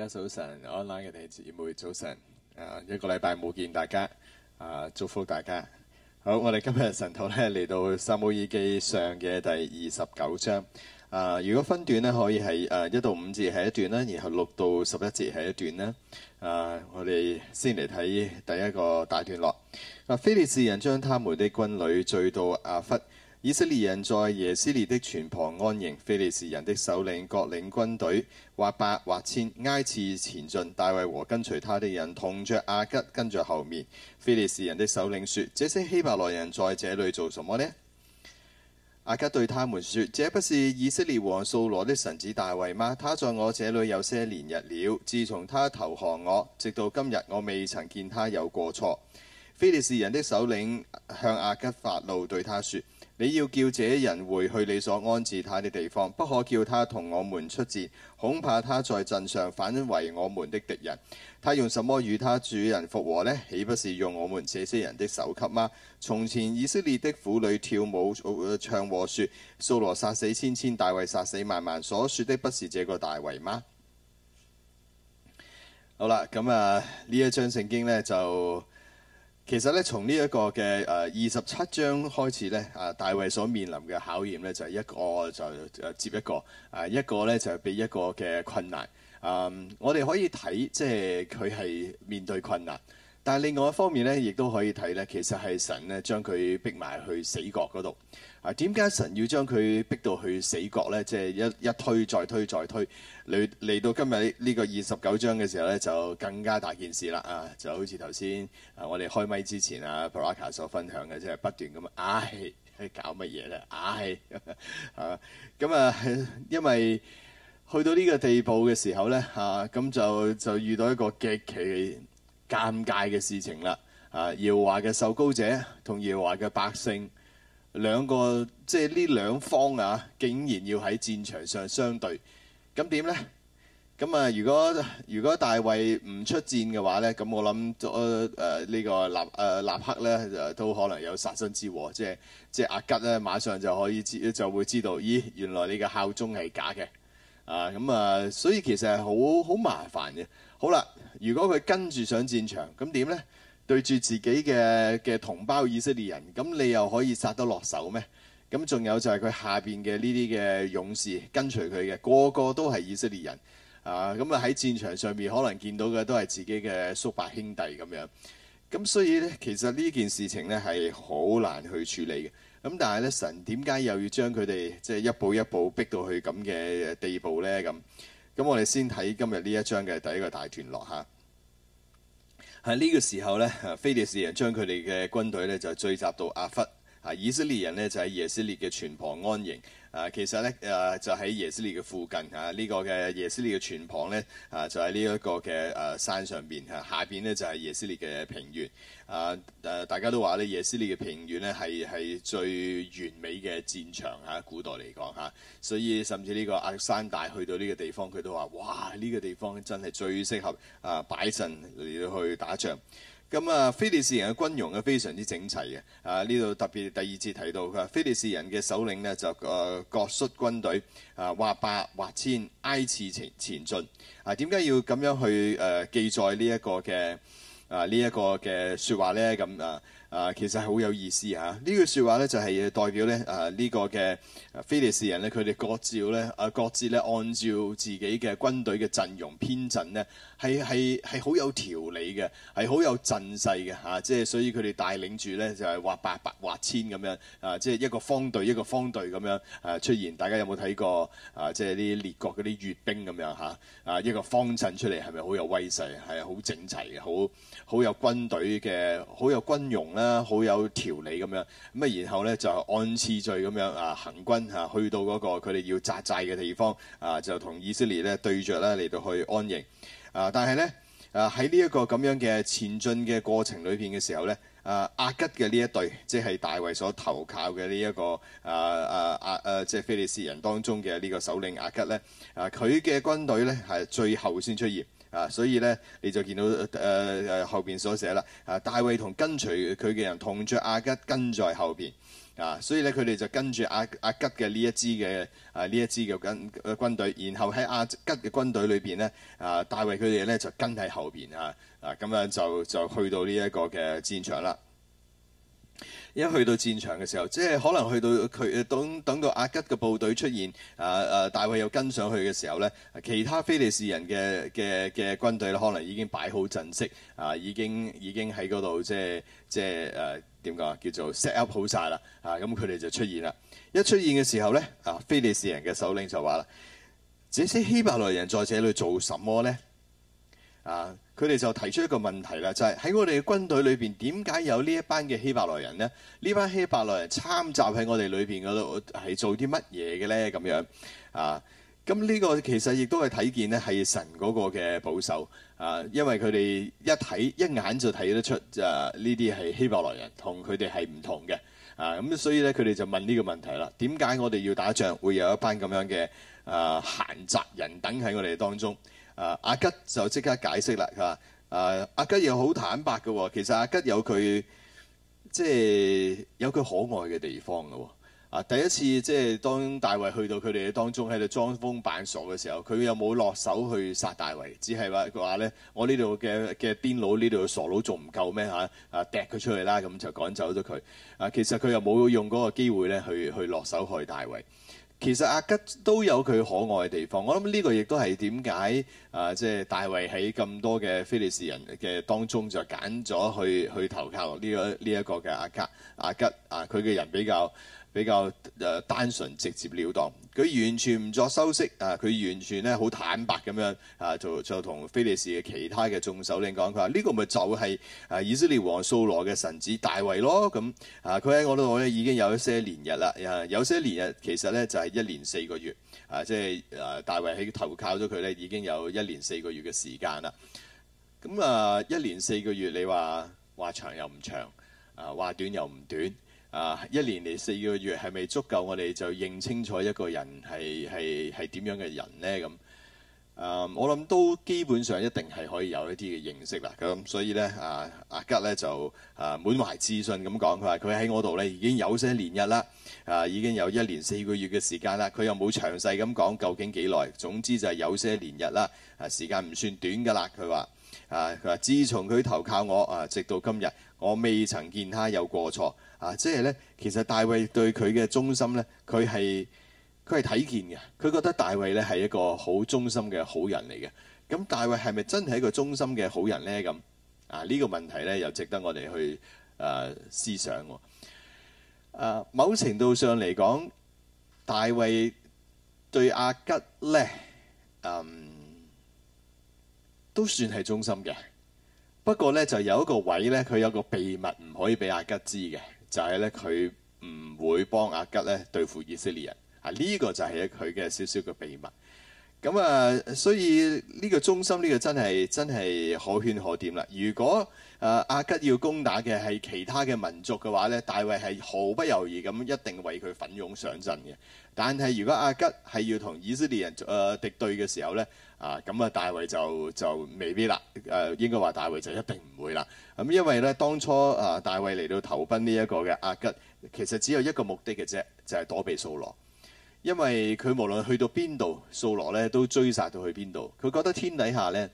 大家早晨，online 嘅弟兄姊妹早晨。啊，一個禮拜冇見大家，啊，祝福大家。好，我哋今日晨禱咧嚟到撒母耳記上嘅第二十九章。啊、呃，如果分段呢，可以係誒、呃、一到五節係一段啦，然後六到十一節係一段啦。啊、呃，我哋先嚟睇第一個大段落。啊，非利士人將他們的軍旅聚到阿弗。以色列人在耶斯列的泉旁安營，非利士人的首領各領軍隊，或百或千，挨次前進。大衛和跟隨他的人同着亞吉跟在後面。非利士人的首領說：這些希伯來人在這裏做什麼呢？亞吉對他們說：這不是以色列王掃羅的臣子大衛嗎？他在我這裏有些年日了，自從他投降我，直到今日，我未曾見他有過錯。非利士人的首領向亞吉發怒，對他說：你要叫這人回去你所安置他的地方，不可叫他同我們出戰，恐怕他在陣上反為我們的敵人。他用什麼與他主人復和呢？豈不是用我們這些人的首級嗎？從前以色列的婦女跳舞唱和說：掃羅殺死千千，大衛殺死萬萬。所說的不是這個大衛嗎？好啦，咁啊呢一章聖經呢，就。其實咧，從呢一個嘅誒二十七章開始咧，啊、呃，大衛所面臨嘅考驗咧，就係、是、一個就誒接一個，啊、呃、一個咧就係俾一個嘅困難。嗯、呃，我哋可以睇即係佢係面對困難，但係另外一方面咧，亦都可以睇咧，其實係神咧將佢逼埋去死角嗰度。啊，點解神要將佢逼到去死角咧？即係一一推再推再推，嚟嚟到今日呢個二十九章嘅時候咧，就更加大件事啦！啊，就好似頭先啊，我哋開麥之前啊，Prakash 所分享嘅，即係不斷咁啊，係係搞乜嘢咧？啊係啊，咁啊，因為去到呢個地步嘅時候咧，啊，咁就就遇到一個極其尷尬嘅事情啦！啊，耀華嘅受膏者同耀華嘅百姓。兩個即係呢兩方啊，竟然要喺戰場上相對，咁點呢？咁啊，如果如果大衞唔出戰嘅話呢，咁我諗誒誒呢個立誒、呃、立克呢，都可能有殺身之禍，即係即係阿吉呢，馬上就可以知就會知道，咦，原來你嘅效忠係假嘅啊！咁啊，所以其實係好好麻煩嘅。好啦，如果佢跟住上戰場，咁點呢？對住自己嘅嘅同胞以色列人，咁你又可以殺得落手咩？咁仲有就係佢下邊嘅呢啲嘅勇士跟隨佢嘅，個個都係以色列人啊！咁啊喺戰場上面，可能見到嘅都係自己嘅叔伯兄弟咁樣。咁所以呢，其實呢件事情呢係好難去處理嘅。咁但係呢，神點解又要將佢哋即係一步一步逼到去咁嘅地步呢？咁咁我哋先睇今日呢一章嘅第一個大段落嚇。喺呢個時候呢，非利士人將佢哋嘅軍隊呢就聚集到亞弗，啊，以色列人呢就喺耶斯列嘅泉旁安營。啊，其實咧，誒、呃、就喺耶斯利嘅附近嚇，呢、啊這個嘅耶斯利嘅泉旁咧，啊就喺呢一個嘅誒、啊、山上邊嚇、啊，下邊咧就係、是、耶斯利嘅平原。啊誒，大家都話咧，耶斯利嘅平原咧係係最完美嘅戰場嚇、啊，古代嚟講嚇，所以甚至呢個亞歷山大去到呢個地方，佢都話：哇，呢、這個地方真係最適合啊擺陣嚟去打仗。咁啊，菲利士人嘅軍容啊非常之整齊嘅，啊呢度特別第二次提到佢，非利士人嘅首領咧就誒、呃、各率軍隊啊，或百或千，挨次前前進。啊，點解要咁樣去誒、呃、記載呢一個嘅啊呢一個嘅説話咧？咁啊？啊，其實係好有意思吓呢句說話咧，就係、是、代表咧啊，這個、非利士呢個嘅非利士人咧，佢哋各照咧啊，各自咧按照自己嘅軍隊嘅陣容編陣咧，係係係好有條理嘅，係好有陣勢嘅吓，即係所以佢哋帶領住咧，就係或八百或千咁樣啊，即、就、係、是、一個方隊一個方隊咁樣啊出現。大家有冇睇過啊？即係啲列國啲閱兵咁樣吓啊？一個方陣出嚟係咪好有威勢？係好整齊嘅，好好有軍隊嘅，好有軍容啦。啊、好有條理咁樣，咁啊，然後呢就按次序咁樣啊行軍嚇、啊，去到嗰個佢哋要紮寨嘅地方啊，就同以色列呢對着呢嚟到去安營啊。但係呢，誒喺呢一個咁樣嘅前進嘅過程裏邊嘅時候呢，啊亞、啊、吉嘅呢一隊，即係大衛所投靠嘅呢一個啊啊亞誒、啊，即係非利士人當中嘅呢個首領亞吉呢，啊佢嘅軍隊呢，係最後先出現。啊，所以咧你就見到誒誒、呃、後邊所寫啦。啊，大衛同跟隨佢嘅人同著亞吉跟在後邊。啊，所以咧佢哋就跟住亞亞吉嘅呢一支嘅啊呢一支嘅軍、呃、軍隊，然後喺亞吉嘅軍隊裏邊咧，啊大衛佢哋咧就跟喺後邊啊。啊咁樣就就去到呢一個嘅戰場啦。一去到戰場嘅時候，即係可能去到佢等等到亞吉嘅部隊出現，啊、呃、啊、呃，大衛又跟上去嘅時候咧，其他非利士人嘅嘅嘅軍隊咧，可能已經擺好陣式，啊，已經已經喺嗰度即係即係誒點講啊，叫做 set up 好晒啦，啊，咁佢哋就出現啦。一出現嘅時候咧，啊，非利士人嘅首領就話啦：這些希伯來人在這裏做什麼咧？啊！佢哋就提出一個問題啦，就係喺我哋嘅軍隊裏邊，點解有呢一班嘅希伯來人呢？呢班希伯來人參集喺我哋裏邊嗰度，係做啲乜嘢嘅呢？咁樣啊！咁呢個其實亦都係睇見咧，係神嗰個嘅保守啊！因為佢哋一睇一眼就睇得出，就呢啲係希伯來人，同佢哋係唔同嘅啊！咁所以咧，佢哋就問呢個問題啦：點解我哋要打仗，會有一班咁樣嘅啊閒雜人等喺我哋當中？啊！阿吉就即刻解釋啦，嚇！啊！阿、啊、吉又好坦白嘅喎、哦，其實阿、啊、吉有佢即係有佢可愛嘅地方嘅喎、哦。啊！第一次即係當大衛去到佢哋嘅當中喺度裝瘋扮傻嘅時候，佢又冇落手去殺大衛，只係話佢話咧，我呢度嘅嘅癲佬呢度嘅傻佬仲唔夠咩吓，啊！掟、啊、佢出嚟啦，咁就趕走咗佢。啊！其實佢又冇用嗰個機會咧去去，去落手害大衛。其實阿吉都有佢可愛嘅地方，我諗呢個亦都係點解啊，即、呃、係、就是、大衛喺咁多嘅非利士人嘅當中就揀咗去去投靠呢、這個呢一、這個嘅阿吉阿吉啊，佢、呃、嘅人比較，比較誒單純、直接了當，佢完全唔作修飾啊！佢完全咧好坦白咁樣啊，就就同非利士嘅其他嘅眾首領講，佢話呢個咪就係、是、啊以色列王掃羅嘅臣子大衛咯咁啊！佢喺我度咧已經有一些年日啦、啊，有些年日其實呢就係、是、一年四個月啊，即係啊大衛喺投靠咗佢呢已經有一年四個月嘅時間啦。咁啊，一年四個月你話話長又唔長啊，話短又唔短。啊！一年嚟四個月係咪足夠我哋就認清楚一個人係係係點樣嘅人呢？咁、嗯、啊，我諗都基本上一定係可以有一啲嘅認識啦。咁所以呢，啊，阿吉呢就啊滿懷自信咁講，佢話佢喺我度咧已經有些年日啦啊，已經有一年四個月嘅時間啦。佢又冇詳細咁講究竟幾耐，總之就係有些年日啦。啊，時間唔算短噶啦。佢話啊，佢話自從佢投靠我啊，直到今日，我未曾見他有過錯。啊，即係咧，其實大衛對佢嘅忠心咧，佢係佢係睇見嘅，佢覺得大衛咧係一個好忠心嘅好人嚟嘅。咁大衛係咪真係一個忠心嘅好人咧？咁啊呢、這個問題咧又值得我哋去誒、啊、思想、哦。誒、啊，某程度上嚟講，大衛對亞吉咧，嗯，都算係忠心嘅。不過咧就有一個位咧，佢有個秘密唔可以俾亞吉知嘅。就係咧，佢唔會幫阿吉咧對付以色列人啊！呢個就係佢嘅少少嘅秘密。咁啊，所以呢個忠心呢個真係真係可圈可點啦。如果啊阿吉要攻打嘅係其他嘅民族嘅話呢，大衛係毫不猶豫咁一定為佢奮勇上陣嘅。但係如果阿吉係要同以色列人誒敵對嘅時候呢？啊，咁啊，啊，啊，大衛就就未必啦，誒應該話大衛就一定唔會啦。咁因為咧，當初啊，大衛嚟到投奔呢一個嘅阿吉，其實只有一個目的嘅啫，就係、是、躲避掃羅，因為佢無論去到邊度，掃羅咧都追殺到去邊度。佢覺得天底下咧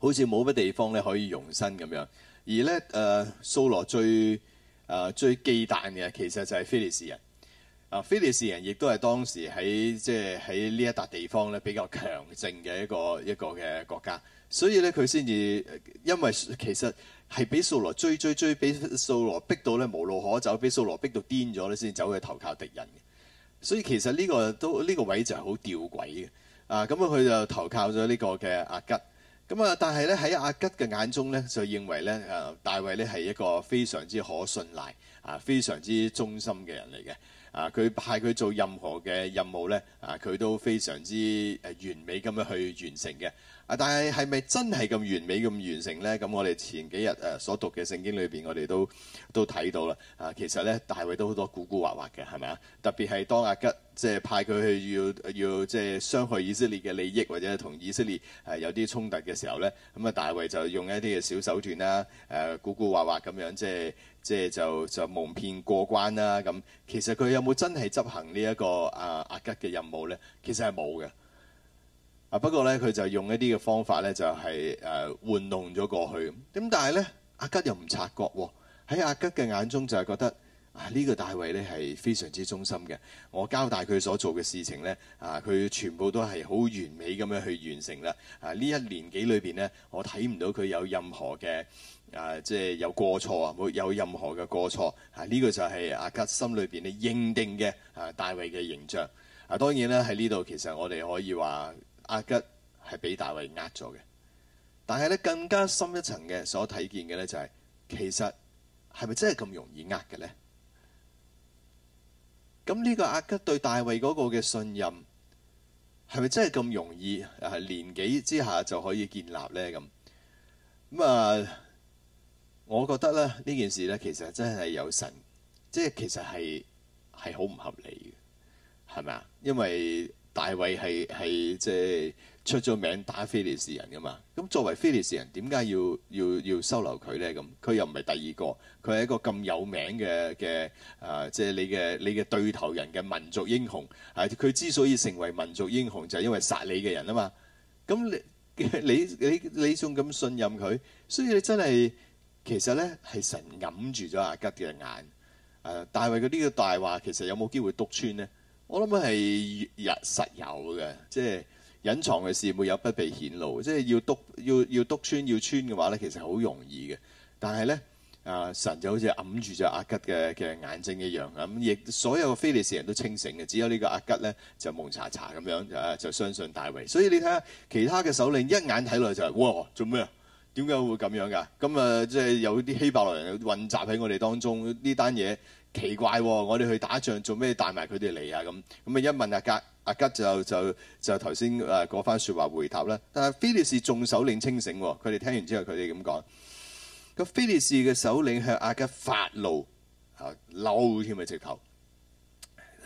好似冇乜地方咧可以容身咁樣，而咧誒掃羅最誒、啊、最忌憚嘅，其實就係非利士人。啊，非利士人亦都係當時喺即係喺呢一笪地方咧比較強盛嘅一個一個嘅國家，所以咧佢先至因為其實係俾掃羅追追追，俾掃羅逼到咧無路可走，俾掃羅逼到癲咗咧，先走去投靠敵人嘅。所以其實呢個都呢個位就係好吊詭嘅。啊，咁啊佢就投靠咗呢個嘅阿吉。咁啊，但係咧喺阿吉嘅眼中咧，就認為咧啊大衛咧係一個非常之可信賴啊、非常之忠心嘅人嚟嘅。啊！佢派佢做任何嘅任務咧，啊！佢都非常之誒完美咁樣去完成嘅。啊！但係係咪真係咁完美咁完成呢？咁我哋前幾日誒所讀嘅聖經裏邊，我哋都都睇到啦。啊，其實呢，大衛都好多古古惑惑嘅，係咪啊？特別係當阿吉即係派佢去要要即係傷害以色列嘅利益，或者同以色列誒有啲衝突嘅時候呢，咁啊大衛就用一啲嘅小手段啦，誒古古惑惑咁樣，即係即係就就，就蒙騙過關啦。咁其實佢有冇真係執行呢一個啊阿吉嘅任務呢？其實係冇嘅。啊！不過咧，佢就用一啲嘅方法咧，就係誒玩弄咗過去咁。咁但係咧，阿吉又唔察覺喎、哦。喺阿吉嘅眼中就係覺得啊，呢、這個大衛咧係非常之忠心嘅。我交代佢所做嘅事情咧啊，佢全部都係好完美咁樣去完成啦。啊，呢一年幾裏邊咧，我睇唔到佢有任何嘅啊，即係有過錯啊，冇有任何嘅過錯啊。呢、這個就係阿吉心裏邊咧認定嘅啊，大衛嘅形象啊。當然啦，喺呢度其實我哋可以話。阿吉係俾大衛呃咗嘅，但係咧，更加深一層嘅所睇見嘅咧就係、是，其實係咪真係咁容易呃嘅咧？咁呢個阿吉對大衛嗰個嘅信任，係咪真係咁容易誒、啊、年紀之下就可以建立咧？咁咁啊，我覺得咧呢件事咧其實真係有神，即、就、係、是，其實係係好唔合理嘅，係咪啊？因為大衛係係即係出咗名打非利士人噶嘛？咁作為非利士人，點解要要要收留佢咧？咁佢又唔係第二個，佢係一個咁有名嘅嘅誒！即係你嘅你嘅對頭人嘅民族英雄啊！佢之所以成為民族英雄，就係因為殺你嘅人啊嘛！咁你你你你仲咁信任佢？所以你真係其實咧係神揞住咗阿吉嘅眼。誒，大衛嘅呢個大話，其實有冇機會篤穿咧？我諗係有實有嘅，即係隱藏嘅事沒有不被顯露，即係要篤要要篤穿要穿嘅話咧，其實好容易嘅。但係咧，啊、呃、神就好似揞住隻阿吉嘅嘅眼睛一樣咁，亦所有非利士人都清醒嘅，只有呢個阿吉咧就蒙查查咁樣就相信大衛。所以你睇下其他嘅首領一眼睇落嚟就係、是、哇做咩啊？點解會咁樣㗎？咁啊即係有啲希伯來人混雜喺我哋當中呢單嘢。奇怪、哦，我哋去打仗做咩帶埋佢哋嚟啊？咁咁咪一問亞吉，亞吉就就就頭先誒嗰番説話回答啦。但係菲利士眾首領清醒、哦，佢哋聽完之後佢哋咁講。個菲利士嘅首領向亞吉發怒嚇，嬲添啊直頭、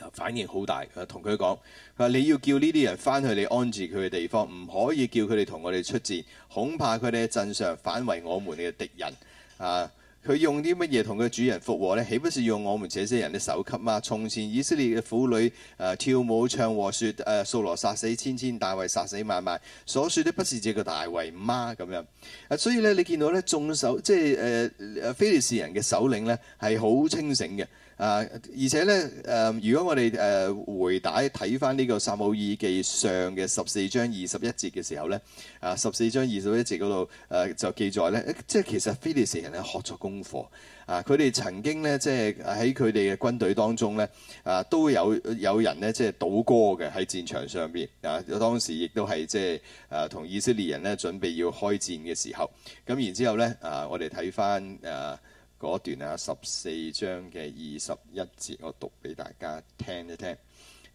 啊、反應好大，同佢講話你要叫呢啲人翻去你安置佢嘅地方，唔可以叫佢哋同我哋出戰，恐怕佢哋喺陣上反為我們嘅敵人啊！佢用啲乜嘢同佢主人復和咧？豈不是用我們這些人的首級嗎？從前以色列嘅婦女誒、呃、跳舞唱和説誒，掃羅殺死千千，大衛殺死萬萬，所説的不是這個大衛嗎？咁樣啊，所以咧，你見到咧，眾首即係誒誒非利士人嘅首領咧係好清醒嘅。啊！而且咧，誒、呃，如果我哋誒、呃、回帶睇翻呢個撒母耳記上嘅十四章二十一節嘅時候咧，啊，十四章二十一節嗰度誒就記載咧，即、啊、係其實非利士人咧學咗功課啊！佢哋曾經咧即係喺佢哋嘅軍隊當中咧啊，都有有人咧即係倒戈嘅喺戰場上邊啊！當時亦都係即係誒同以色列人咧準備要開戰嘅時候，咁然之後咧啊，我哋睇翻誒。啊嗰段啊十四章嘅二十一節，我讀俾大家聽一聽。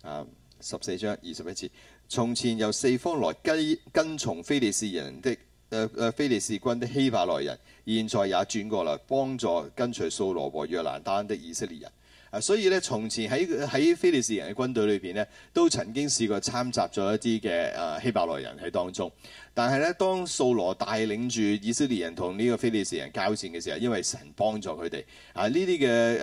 啊、嗯，十四章二十一節，從前由四方來跟跟從非利士人的誒誒非利士軍的希伯來人，現在也轉過嚟幫助跟隨掃羅和約拿單的以色列人。啊，所以咧從前喺喺非利士人嘅軍隊裏邊咧，都曾經試過參雜咗一啲嘅啊希伯來人喺當中。但係咧，當掃羅帶領住以色列人同呢個非利士人交戰嘅時候，因為神幫助佢哋，啊、呃、呢啲嘅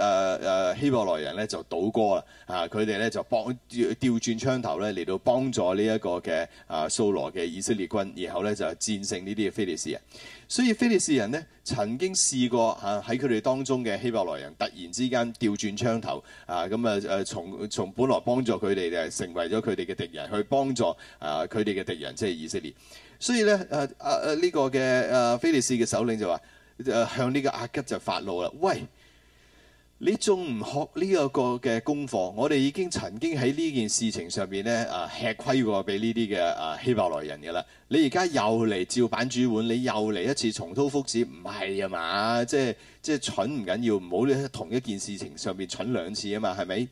誒誒希伯來人咧就倒戈啦，啊佢哋咧就幫調轉槍頭咧嚟到幫助呢、這、一個嘅啊掃羅嘅以色列軍，然後咧就戰勝呢啲嘅非利士人。所以非利士人呢曾經試過嚇喺佢哋當中嘅希伯來人突然之間調轉槍頭，啊咁啊誒從從本來幫助佢哋嘅成為咗佢哋嘅敵人，去幫助啊佢哋嘅敵人即係以色列。所以咧，誒誒誒呢個嘅誒、啊、菲利斯嘅首領就話：誒、呃、向呢個亞吉就發怒啦！喂，你仲唔學呢個個嘅功課？我哋已經曾經喺呢件事情上邊咧誒吃虧過俾呢啲嘅誒希伯來人嘅啦。你而家又嚟照板煮碗，你又嚟一次重蹈覆轍，唔係啊嘛？即係即係蠢唔緊要，唔好咧喺同一件事情上邊蠢兩次啊嘛？係咪？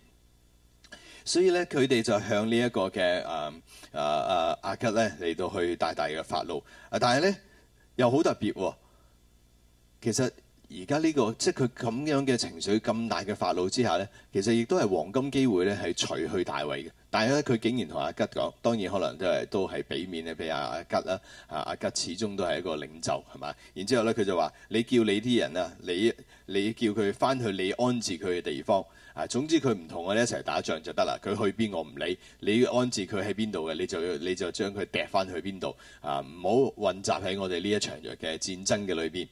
所以咧，佢哋就向、啊啊啊、呢一個嘅誒誒誒阿吉咧嚟到去大大嘅發怒啊！但係咧又好特別喎、哦。其實而家呢個即係佢咁樣嘅情緒咁大嘅發怒之下咧，其實亦都係黃金機會咧，係除去大衞嘅。但係咧，佢竟然同阿吉講，當然可能都係都係俾面咧俾阿阿吉啦。啊，阿、啊、吉始終都係一個領袖係咪？然之後咧，佢就話：你叫你啲人啊，你你叫佢翻去你安置佢嘅地方。啊，總之佢唔同我哋一齊打仗就得啦。佢去邊我唔理，你要安置佢喺邊度嘅，你就你就將佢掟翻去邊度啊！唔好混雜喺我哋呢一場嘅戰爭嘅裏邊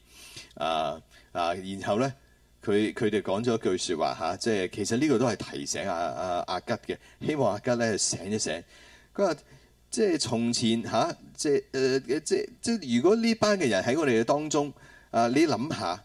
啊啊！然後咧，佢佢哋講咗一句説話嚇，即、啊、係其實呢個都係提醒阿阿阿吉嘅，希望阿、啊、吉咧醒一醒。佢話即係從前嚇、啊，即係誒、呃、即即如果呢班嘅人喺我哋嘅當中啊，你諗下。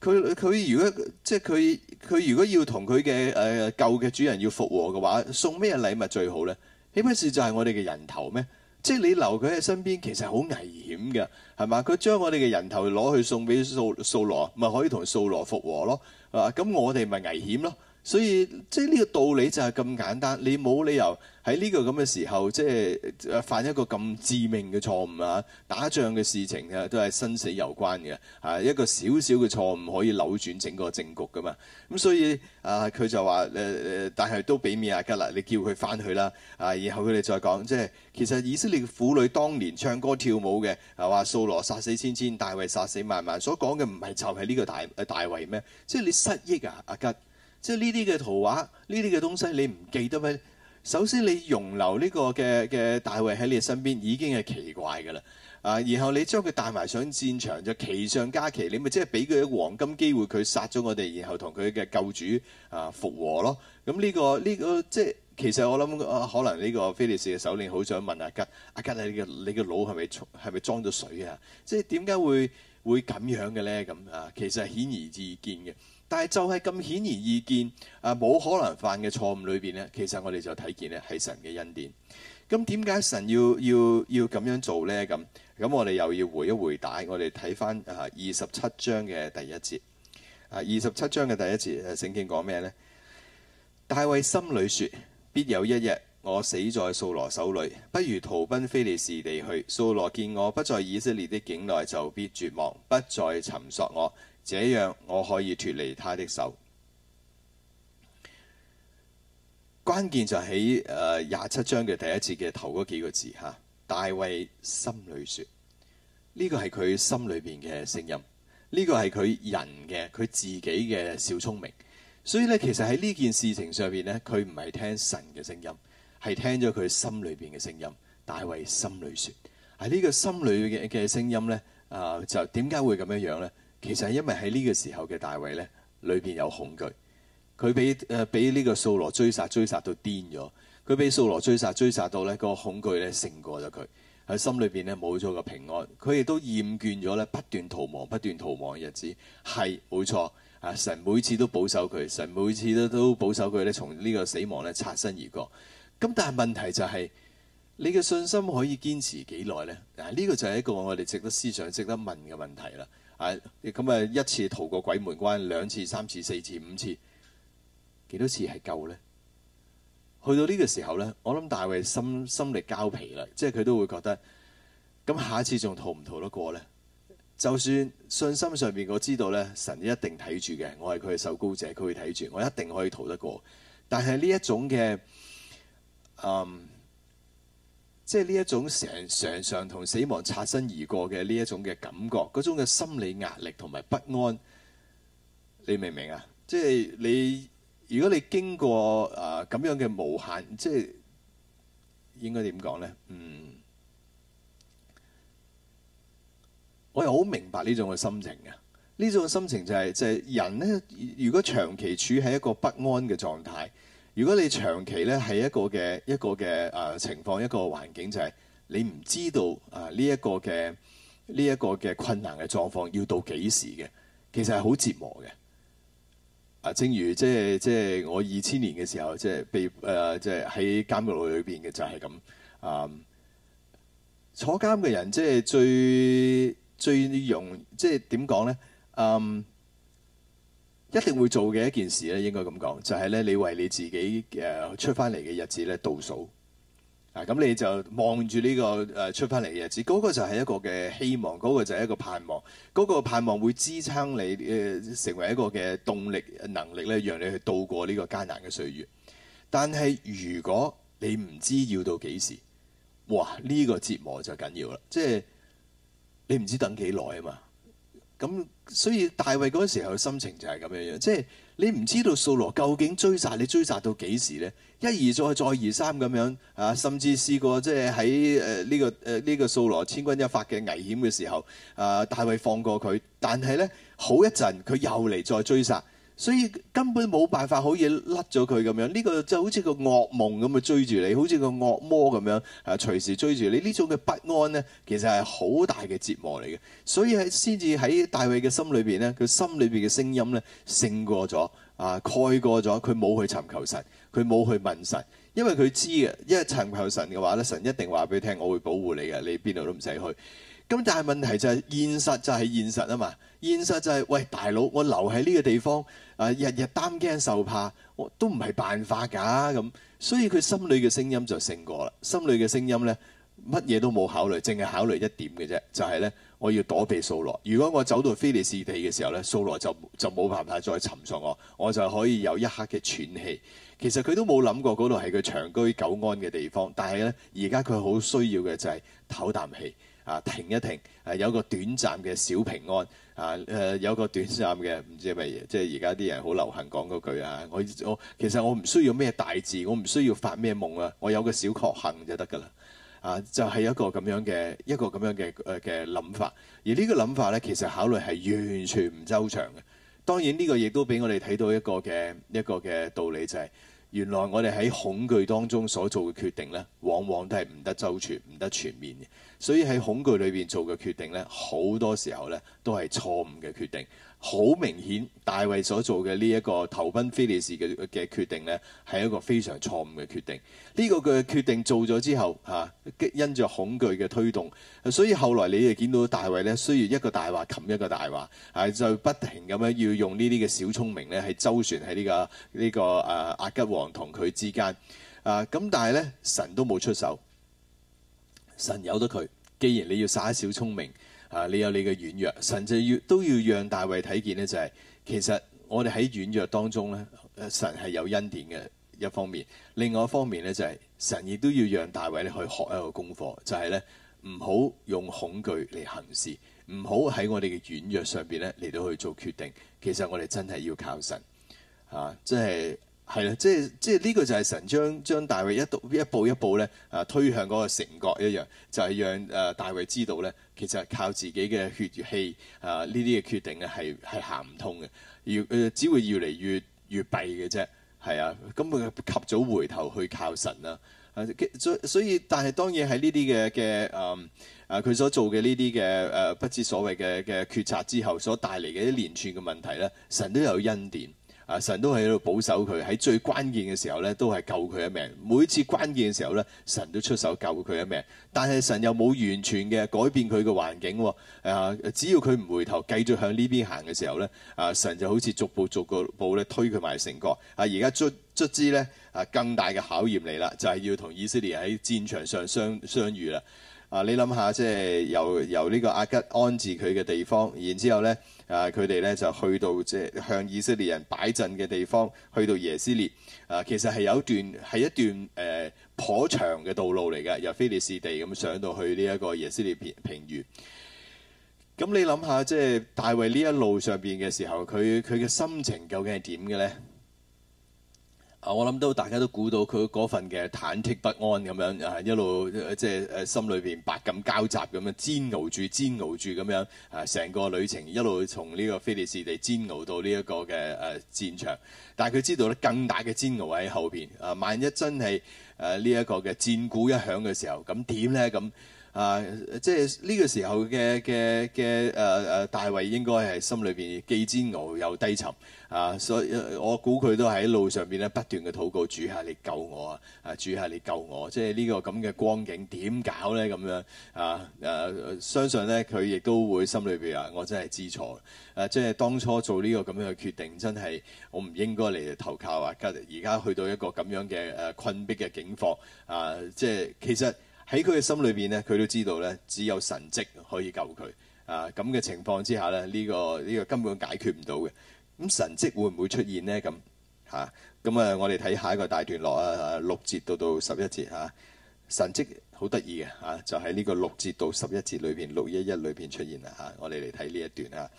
佢佢如果即係佢佢如果要同佢嘅誒舊嘅主人要復和嘅話，送咩禮物最好咧？豈不是就係我哋嘅人頭咩？即係你留佢喺身邊，其實好危險嘅，係嘛？佢將我哋嘅人頭攞去送俾掃掃羅，咪可以同掃羅復和咯？啊，咁我哋咪危險咯？所以即係呢個道理就係咁簡單，你冇理由喺呢個咁嘅時候，即係犯一個咁致命嘅錯誤啊！打仗嘅事情啊，都係生死攸關嘅，啊一個小小嘅錯誤可以扭轉整個政局㗎嘛。咁、啊、所以啊，佢就話誒誒，但係都俾面阿吉啦，你叫佢返去啦，啊，然後佢哋再講，即係其實以色列婦女當年唱歌跳舞嘅，係話掃羅殺死千千，大衛殺死萬萬，所講嘅唔係就係呢個大誒大衛咩？即係你失憶啊，阿吉。即係呢啲嘅圖畫，呢啲嘅東西你唔記得咩？首先你容留呢個嘅嘅大衛喺你嘅身邊已經係奇怪嘅啦，啊！然後你將佢帶埋上戰場就奇上加奇，你咪即係俾佢一個黃金機會佢殺咗我哋，然後同佢嘅救主啊復和咯。咁、嗯、呢、這個呢、這個即係其實我諗、啊、可能呢個非利士嘅首領好想問阿、啊、吉，阿、啊、吉你嘅你嘅腦係咪係咪裝咗水啊？即係點解會會咁樣嘅咧？咁啊，其實係顯而易見嘅。但係就係咁顯而易見啊，冇可能犯嘅錯誤裏邊呢，其實我哋就睇見咧係神嘅恩典。咁點解神要要要咁樣做呢？咁咁、嗯嗯、我哋又要回一回帶，我哋睇翻啊，啊二十七章嘅第一節啊二十七章嘅第一節，聖經講咩呢？大衛心裏說：必有一日我死在掃羅手裏，不如逃奔非利士地去。掃羅見我不在以色列的境內，就必絕望，不再尋索我。這樣我可以脱離他的手。關鍵就喺誒廿七章嘅第一節嘅頭嗰幾個字嚇、啊，大衛心裏説：呢個係佢心裏邊嘅聲音，呢個係佢人嘅佢自己嘅小聰明。所以咧，其實喺呢件事情上面呢，佢唔係聽神嘅聲音，係聽咗佢心裏邊嘅聲音。大衛心裏説：喺呢個心裏嘅嘅聲音呢，啊、呃、就點解會咁樣樣呢？其實係因為喺呢個時候嘅大衛呢，裏邊有恐懼，佢俾誒俾呢個掃羅追殺，追殺到癲咗。佢俾掃羅追殺，追殺到呢個恐懼呢勝過咗佢喺心裏邊呢冇咗個平安。佢亦都厭倦咗呢不斷逃亡、不斷逃亡嘅日子。係冇錯啊！神每次都保守佢，神每次都都保守佢呢，從呢個死亡呢擦身而過。咁但係問題就係、是、你嘅信心可以堅持幾耐呢？啊，呢、這個就係一個我哋值得思想、值得問嘅問題啦。係，咁啊一次逃過鬼門關，兩次、三次、四次、五次，幾多次係夠呢？去到呢個時候呢，我諗大衞心心力交疲啦，即係佢都會覺得咁下一次仲逃唔逃得過呢？就算信心上面我知道呢，神一定睇住嘅，我係佢嘅受膏者，佢會睇住，我一定可以逃得過。但係呢一種嘅即係呢一種成常常同死亡擦身而過嘅呢一種嘅感覺，嗰種嘅心理壓力同埋不安，你明唔明啊？即係你如果你經過啊呃、咁樣嘅無限，即係應該點講咧？嗯，我又好明白呢種嘅心情啊！呢種嘅心情就係、就係人咧，如果長期處喺一個不安嘅狀態。如果你長期咧係一個嘅一個嘅誒情況，一個環境，就係你唔知道啊呢一個嘅呢一個嘅困難嘅狀況要到幾時嘅，其實係好折磨嘅。啊，正如即係即係我二千年嘅時候，即係被誒、呃、即係喺監獄裏邊嘅就係咁啊。坐監嘅人即係最最容即係點講咧？嗯。一定會做嘅一件事咧，應該咁講，就係咧，你為你自己嘅、呃、出翻嚟嘅日子咧倒數，啊咁你就望住呢個誒、呃、出翻嚟嘅日子，嗰個就係一個嘅希望，嗰個就係一個盼望，嗰個盼望會支撐你誒、呃、成為一個嘅動力能力咧，讓你去度過呢個艱難嘅歲月。但係如果你唔知要到幾時，哇！呢個折磨就緊要啦，即係你唔知等幾耐啊嘛～咁所以大衛嗰陣時候嘅心情就係咁樣樣，即係你唔知道掃羅究竟追殺你追殺到幾時咧，一而再再而三咁樣啊，甚至試過即係喺誒呢個誒呢、呃這個掃羅千鈞一髮嘅危險嘅時候，啊大衛放過佢，但係咧好一陣佢又嚟再追殺。所以根本冇辦法可以甩咗佢咁樣，呢、這個就好似個噩夢咁樣追住你，好似個惡魔咁樣啊隨時追住你。呢種嘅不安呢，其實係好大嘅折磨嚟嘅。所以係先至喺大衛嘅心裏邊呢，佢心裏邊嘅聲音呢勝過咗啊蓋過咗，佢冇去尋求神，佢冇去問神，因為佢知嘅，因為尋求神嘅話呢，神一定話俾你聽，我會保護你嘅，你邊度都唔使去。咁但係問題就係、是、現實就係現實啊嘛，現實就係、是、喂大佬，我留喺呢個地方。啊！日日擔驚受怕，我都唔係辦法㗎咁，所以佢心裏嘅聲音就勝過啦。心裏嘅聲音呢，乜嘢都冇考慮，淨係考慮一點嘅啫，就係呢：我要躲避掃羅。如果我走到非利士地嘅時候呢，掃羅就就冇辦法再尋索我，我就可以有一刻嘅喘氣。其實佢都冇諗過嗰度係佢長居久安嘅地方，但係呢，而家佢好需要嘅就係唞啖氣啊，停一停，有一個短暫嘅小平安。啊誒，呃、有個短暫嘅，唔知係乜嘢，即係而家啲人好流行講嗰句啊！我我其實我唔需要咩大志，我唔需要發咩夢啊！我有個小確幸就得㗎啦！啊，就係、是、一個咁樣嘅一個咁樣嘅誒嘅諗法，而個法呢個諗法咧，其實考慮係完全唔周詳嘅。當然呢個亦都俾我哋睇到一個嘅一個嘅道理就係、是。原來我哋喺恐懼當中所做嘅決定呢，往往都係唔得周全、唔得全面嘅。所以喺恐懼裏面做嘅決定呢，好多時候呢都係錯誤嘅決定。好明顯，大衛所做嘅呢一個投奔非利士嘅嘅決定呢，係一個非常錯誤嘅決定。呢、這個嘅決定做咗之後，嚇、啊，因著恐懼嘅推動，所以後來你就見到大衛呢，雖然一個大話冚一個大話，係、啊、就不停咁樣要用呢啲嘅小聰明呢去周旋喺呢、這個呢、這個啊亞吉王同佢之間啊。咁但係呢，神都冇出手，神由得佢。既然你要耍小聰明。啊！你有你嘅軟弱，神就要都要讓大衛睇見呢就係，其實我哋喺軟弱當中咧，神係有恩典嘅一方面；另外一方面呢就係，神亦都要讓大衛咧去學一個功課，就係呢：唔好用恐懼嚟行事，唔好喺我哋嘅軟弱上邊咧嚟到去做決定。其實我哋真係要靠神啊！即係。係啦，即係即係呢個就係神將將大衛一度一步一步咧啊推向嗰個城角一樣，就係、是、讓誒、呃、大衛知道咧，其實靠自己嘅血氣啊呢啲嘅決定咧係係行唔通嘅，越、呃、只會越嚟越越弊嘅啫。係啊，根本及早回頭去靠神啦、啊。所以，但係當然喺呢啲嘅嘅誒誒，佢、嗯啊、所做嘅呢啲嘅誒不知所謂嘅嘅決策之後所帶嚟嘅一連串嘅問題咧，神都有恩典。啊！神都喺度保守佢，喺最關鍵嘅時候咧，都係救佢一命。每次關鍵嘅時候咧，神都出手救佢一命。但係神又冇完全嘅改變佢嘅環境喎。啊！只要佢唔回頭，繼續向呢邊行嘅時候咧，啊！神就好似逐步逐個步咧推佢埋成個。啊！而家卒卒之咧，啊！更大嘅考驗嚟啦，就係、是、要同以色列喺戰場上相相遇啦。啊！你諗下，即、就、係、是、由由呢個亞吉安置佢嘅地方，然之後咧。啊！佢哋咧就去到即係向以色列人擺陣嘅地方，去到耶斯列啊！其實係有一段係一段誒、呃、頗長嘅道路嚟嘅，由菲利士地咁上到去呢一個耶斯列平原。咁你諗下，即係大衛呢一路上邊嘅時候，佢佢嘅心情究竟係點嘅咧？啊！我諗都大家都估到佢嗰份嘅忐忑不安咁樣啊，一路即係誒心裏邊百感交集咁樣煎熬住、煎熬住咁樣啊，成個旅程一路從呢個非利士地煎熬到呢、這、一個嘅誒、啊、戰場，但係佢知道咧更大嘅煎熬喺後邊啊！萬一真係誒呢一個嘅戰鼓一響嘅時候，咁點咧咁？啊！啊！Uh, 即係呢個時候嘅嘅嘅誒誒，uh, 大衛應該係心裏邊既煎熬又低沉啊！Uh, 所以我估佢都喺路上邊咧不斷嘅禱告：主下你救我啊！啊，主下你救我！即係呢個咁嘅光景點搞咧咁樣啊！誒、uh, uh，相信咧佢亦都會心裏邊啊，我真係知錯誒！Uh, 即係當初做呢個咁樣嘅決定，真係我唔應該嚟投靠啊！而家去到一個咁樣嘅誒困迫嘅境況啊！Uh, 即係其實。喺佢嘅心裏邊呢，佢都知道呢，只有神蹟可以救佢啊！咁嘅情況之下咧，呢、這個呢、這個根本解決唔到嘅。咁、啊、神蹟會唔會出現呢？咁吓咁啊！我哋睇下一個大段落啊，六節到到十一節啊！神迹好得意嘅吓，就喺呢個六節到十一節裏邊，六一一裏邊出現啦吓！我哋嚟睇呢一段啊！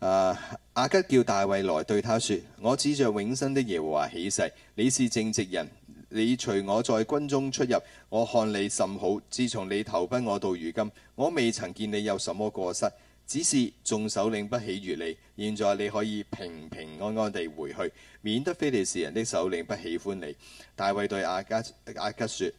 啊，亞、啊、吉叫大衛來對他說：我指着永生的耶和華起誓，你是正直人。你隨我在軍中出入，我看你甚好。自從你投奔我到如今，我未曾見你有什麼過失，只是眾首領不喜悦你。現在你可以平平安安地回去，免得非利士人的首領不喜歡你。大衛對亞吉，亞吉說：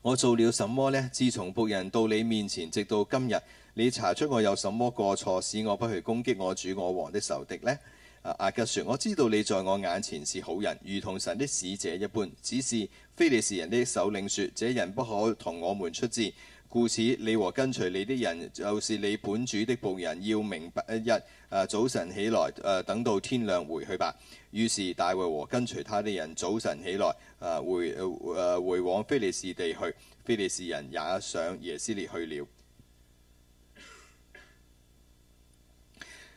我做了什麼呢？自從僕人到你面前，直到今日，你查出我有什麼過錯，使我不去攻擊我主我王的仇敵呢？」阿、啊、吉説：我知道你在我眼前是好人，如同神的使者一般。只是非利士人的首領說這人不可同我們出戰。故此，你和跟隨你的人就是你本主的僕人，要明日一誒早晨起來、啊、等到天亮回去吧。於是大衛和跟隨他的人早晨起來、啊回，啊、回往非利士地去，非利士人也上耶斯列去了。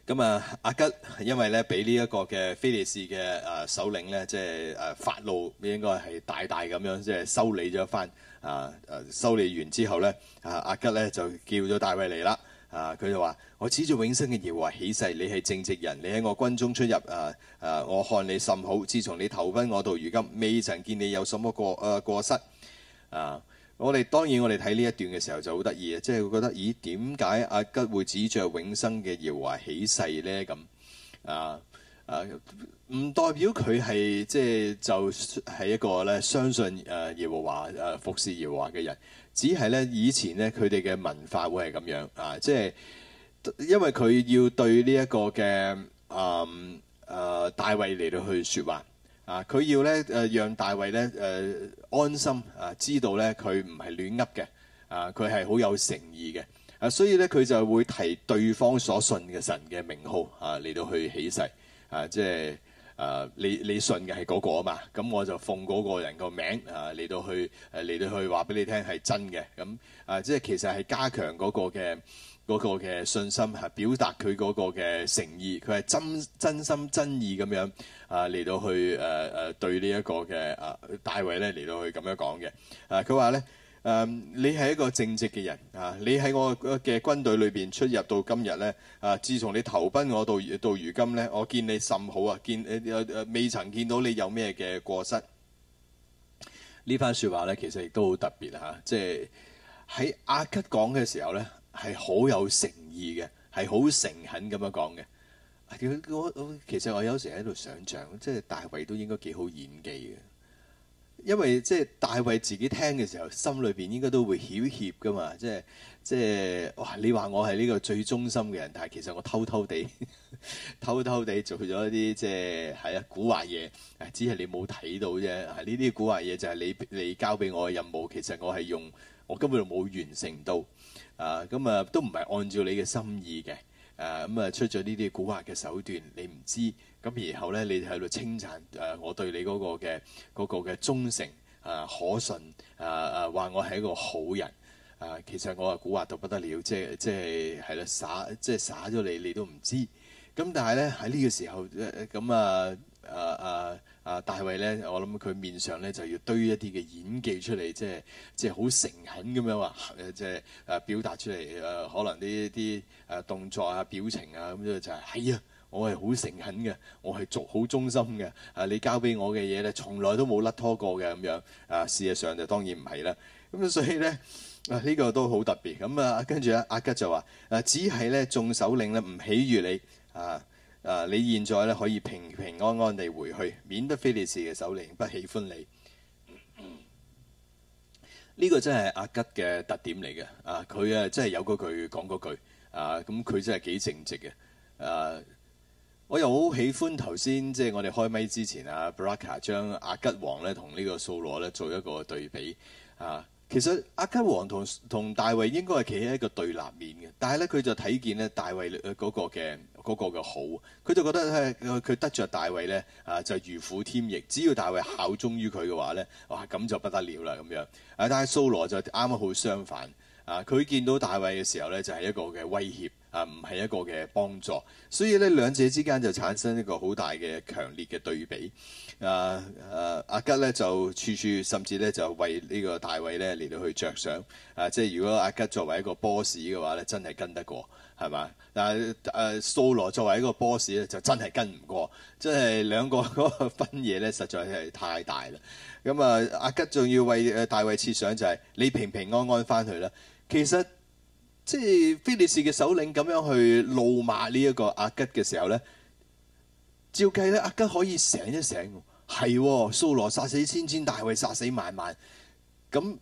咁啊，阿吉因為咧俾呢一個嘅非利士嘅啊首領咧，即係誒發怒，應該係大大咁樣即係修理咗翻啊！誒、啊、修理完之後咧，啊阿吉咧就叫咗大衛嚟啦。啊，佢就話、啊：我指住永生嘅耶和華起誓，你係正直人，你喺我軍中出入啊啊！我看你甚好，自從你投奔我到如今，未曾見你有什麼過誒、呃、過失啊！我哋當然，我哋睇呢一段嘅時候就好得意啊！即係會覺得，咦？點解阿吉會指著永生嘅耶和華起誓咧？咁啊啊，唔、啊、代表佢係即係就係一個咧相信誒耶和華誒服侍耶和華嘅人，只係咧以前咧佢哋嘅文化會係咁樣啊！即係因為佢要對呢一個嘅、嗯、啊啊大衛嚟到去説話。啊！佢要咧誒、啊、讓大衛咧誒、啊、安心啊，知道咧佢唔係亂噏嘅啊，佢係好有誠意嘅啊，所以咧佢就會提對方所信嘅神嘅名號啊，嚟到去起誓啊，即係啊你你信嘅係嗰個啊嘛，咁我就奉嗰個人個名啊嚟到去誒嚟、啊、到去話俾你聽係真嘅咁啊，啊，即係其實係加強嗰個嘅。嗰個嘅信心係表達佢嗰個嘅誠意，佢係真真心真意咁樣啊嚟到去誒誒對呢一個嘅啊大衛咧嚟到去咁樣講嘅啊，佢話咧誒，你係一個正直嘅人啊，你喺我嘅軍隊裏邊出入到今日咧啊，自從你投奔我到到如今咧，我見你甚好啊，見誒未曾見到你有咩嘅過失 番呢番説話咧，其實亦都好特別嚇，即係喺阿吉講嘅時候咧。係好有誠意嘅，係好誠懇咁樣講嘅。其實我有時喺度想像，即係大衛都應該幾好演技嘅，因為即係大衛自己聽嘅時候，心裏邊應該都會曉怯噶嘛。即係即係哇！你話我係呢個最忠心嘅人，但係其實我偷偷地呵呵偷偷地做咗一啲即係係啊古惑嘢，只係你冇睇到啫。呢啲古惑嘢就係你你交俾我嘅任務，其實我係用我根本就冇完成到。啊，咁、嗯、啊都唔係按照你嘅心意嘅，誒咁啊、嗯、出咗呢啲蠱惑嘅手段，你唔知，咁、啊、然後咧你喺度稱讚誒我對你嗰個嘅嗰個嘅忠誠啊、可信啊，啊話我係一個好人啊，其實我係蠱惑到不得了，即係即係係啦耍，即係耍咗你你都唔知，咁、啊、但係咧喺呢個時候咁啊啊啊！啊啊啊啊，大衛咧，我諗佢面上咧就要堆一啲嘅演技出嚟，即係即係好誠懇咁樣話，即係誒表達出嚟誒，可能啲啲誒動作啊、表情啊咁樣就係、係、係、哎、啊，我係好誠懇嘅，我係做好忠心嘅，啊你交俾我嘅嘢咧，從來都冇甩拖過嘅咁樣啊，事實上就當然唔係啦，咁、啊、所以咧啊呢、呢個都好特別，咁啊跟住咧阿吉就話啊，只係咧眾首領咧唔喜悅你啊。啊！你現在咧可以平平安安地回去，免得非利士嘅首領不喜歡你。呢、這個真係阿吉嘅特點嚟嘅。啊，佢啊真係有嗰句講嗰句。啊，咁佢真係幾正直嘅。啊，我又好喜歡頭先即係我哋開麥之前啊，布拉卡將阿吉王咧同呢個掃羅咧做一個對比啊。其實亞吉王同同大衛應該係企喺一個對立面嘅，但係咧佢就睇見咧大衛嘅嗰個嘅嗰嘅好，佢就覺得咧佢得着大衛咧啊，就如虎添翼，只要大衛效忠於佢嘅話咧，哇咁就不得了啦，咁樣剛剛。啊，但係蘇羅就啱啱好相反啊，佢見到大衛嘅時候咧就係、是、一個嘅威脅。啊，唔係一個嘅幫助，所以呢兩者之間就產生一個好大嘅強烈嘅對比。啊啊，阿吉呢就處處，甚至呢就為呢個大衞呢嚟到去着想。啊，即係如果阿吉作為一個 boss 嘅話呢，真係跟得過，係嘛？但係誒，啊，掃羅作為一個 boss 咧，就真係跟唔過，即係兩個嗰個分野呢，實在係太大啦。咁啊，啊，阿吉仲要為大衞設想就係你平平安安翻去啦。其實。即係非利士嘅首領咁樣去怒罵呢一個亞吉嘅時候呢，照計咧亞吉可以醒一醒。係、嗯，蘇羅殺死千千，大衛殺死萬萬。咁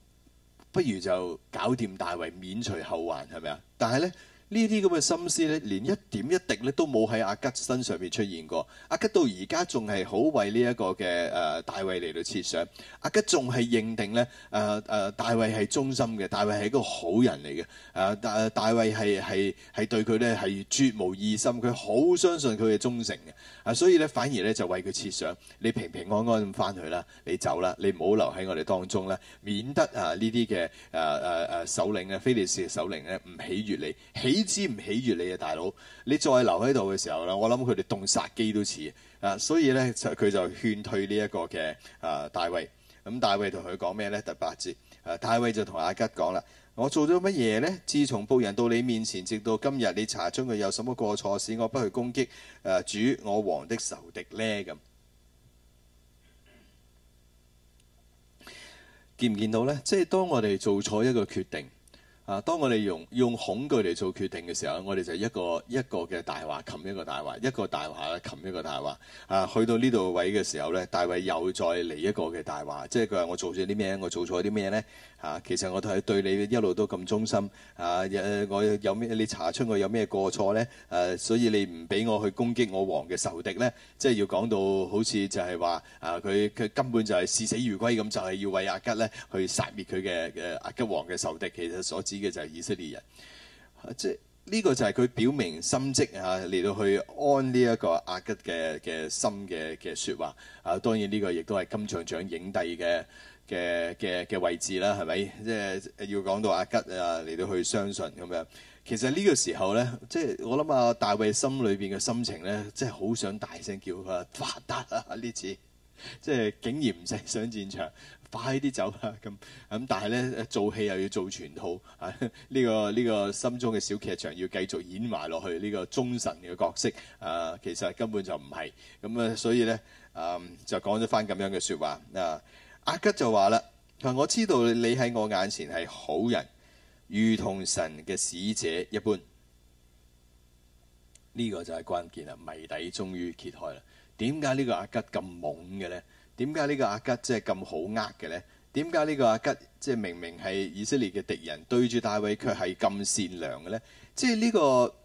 不如就搞掂大衛，免除後患係咪啊？但係呢。呢啲咁嘅心思咧，連一點一滴咧都冇喺阿吉身上面出現過。阿吉到而家仲係好為呢一個嘅誒大衛嚟到設想。阿吉仲係認定咧誒誒大衛係忠心嘅，大衛係一個好人嚟嘅。誒大大衛係係係對佢咧係絕無異心，佢好相信佢嘅忠誠嘅。啊，所以咧反而咧就為佢設想，你平平安安咁翻去啦，你走啦，你唔好留喺我哋當中咧，免得啊呢啲嘅誒誒誒首領咧，非利士嘅首領咧唔喜悅你，喜。支唔喜悅你啊，大佬！你再留喺度嘅時候咧，我諗佢哋動殺機都似啊！所以呢，佢就勸退呢，這一個嘅啊大衛。咁大衛同佢講咩呢？第八節啊，大衛，啊啊、就同亞吉講啦：我做咗乜嘢呢？自從僕人到你面前，直到今日，你查出佢有什麼過錯，使我不去攻擊誒、啊、主我王的仇敵呢？咁、啊、見唔見到呢？即係當我哋做錯一個決定。啊！當我哋用用恐懼嚟做決定嘅時候，我哋就一個一個嘅大話冚一個大話，一個大話咧冚一個大話。啊，去到呢度位嘅時候咧，大衛又再嚟一個嘅大話，即係佢話我做咗啲咩？我做錯啲咩咧？嚇、啊，其實我都係對你一路都咁忠心嚇、啊，我有咩你查出我有咩過錯呢？誒、啊，所以你唔俾我去攻擊我王嘅仇敵呢？即係要講到好似就係話啊，佢佢根本就係視死如歸咁，就係、是、要為阿吉呢去殺滅佢嘅誒阿吉王嘅仇敵。其實所指嘅就係以色列人，啊、即係呢、這個就係佢表明心跡嚇，嚟、啊、到去安呢一個阿吉嘅嘅心嘅嘅説話。啊，當然呢個亦都係金像獎影帝嘅。嘅嘅嘅位置啦，係咪？即係要講到阿吉啊，嚟到去相信咁樣。其實呢個時候呢，即係我諗啊，大衛心裏邊嘅心情呢，即係好想大聲叫佢，發達啊呢次！即係竟然唔使上戰場，快啲走啦咁咁。但係呢，做戲又要做全套啊！呢個呢個心中嘅小劇場要繼續演埋落去呢個忠臣嘅角色啊！其實根本就唔係咁啊，所以呢，啊，就講咗翻咁樣嘅説話啊。阿吉就話啦，嗱，我知道你喺我眼前係好人，如同神嘅使者一般。呢、這個就係關鍵啦，謎底終於揭開啦。點解呢個阿吉咁懵嘅呢？點解呢個阿吉即係咁好呃嘅呢？點解呢個阿吉即係明明係以色列嘅敵人，對住大衛，卻係咁善良嘅呢？即係、這、呢個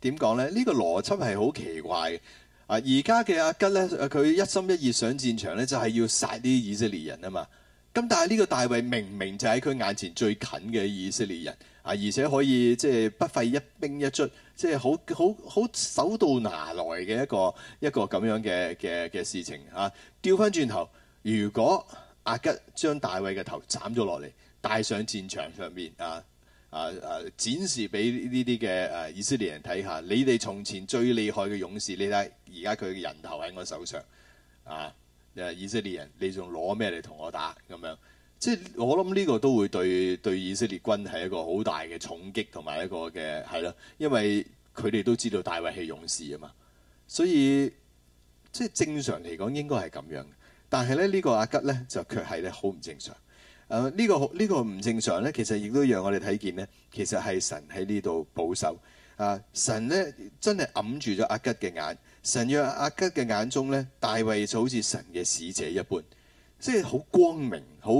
點講呢？呢、這個邏輯係好奇怪。啊！而家嘅阿吉呢，佢一心一意上戰場呢，就係、是、要殺啲以色列人啊嘛。咁但係呢個大衛明明就喺佢眼前最近嘅以色列人啊，而且可以即係、就是、不費一兵一卒，即係好好好手到拿來嘅一個一個咁樣嘅嘅嘅事情嚇。調翻轉頭，如果阿吉將大衛嘅頭斬咗落嚟，帶上戰場上面啊！啊啊、呃呃！展示俾呢啲嘅誒以色列人睇下，你哋從前最厲害嘅勇士，你睇而家佢嘅人頭喺我手上啊！誒，以色列人，你仲攞咩嚟同我打咁樣。即係我諗呢個都會對對以色列軍係一個好大嘅重擊，同埋一個嘅係咯，因為佢哋都知道大衛係勇士啊嘛，所以即係正常嚟講應該係咁樣，但係咧呢、呢個阿吉咧就卻係咧好唔正常。誒呢、呃這個呢、這個唔正常咧，其實亦都讓我哋睇見咧，其實係神喺呢度保守啊、呃！神咧真係揞住咗阿吉嘅眼，神讓阿吉嘅眼中咧，大衛就好似神嘅使者一般，即係好光明，好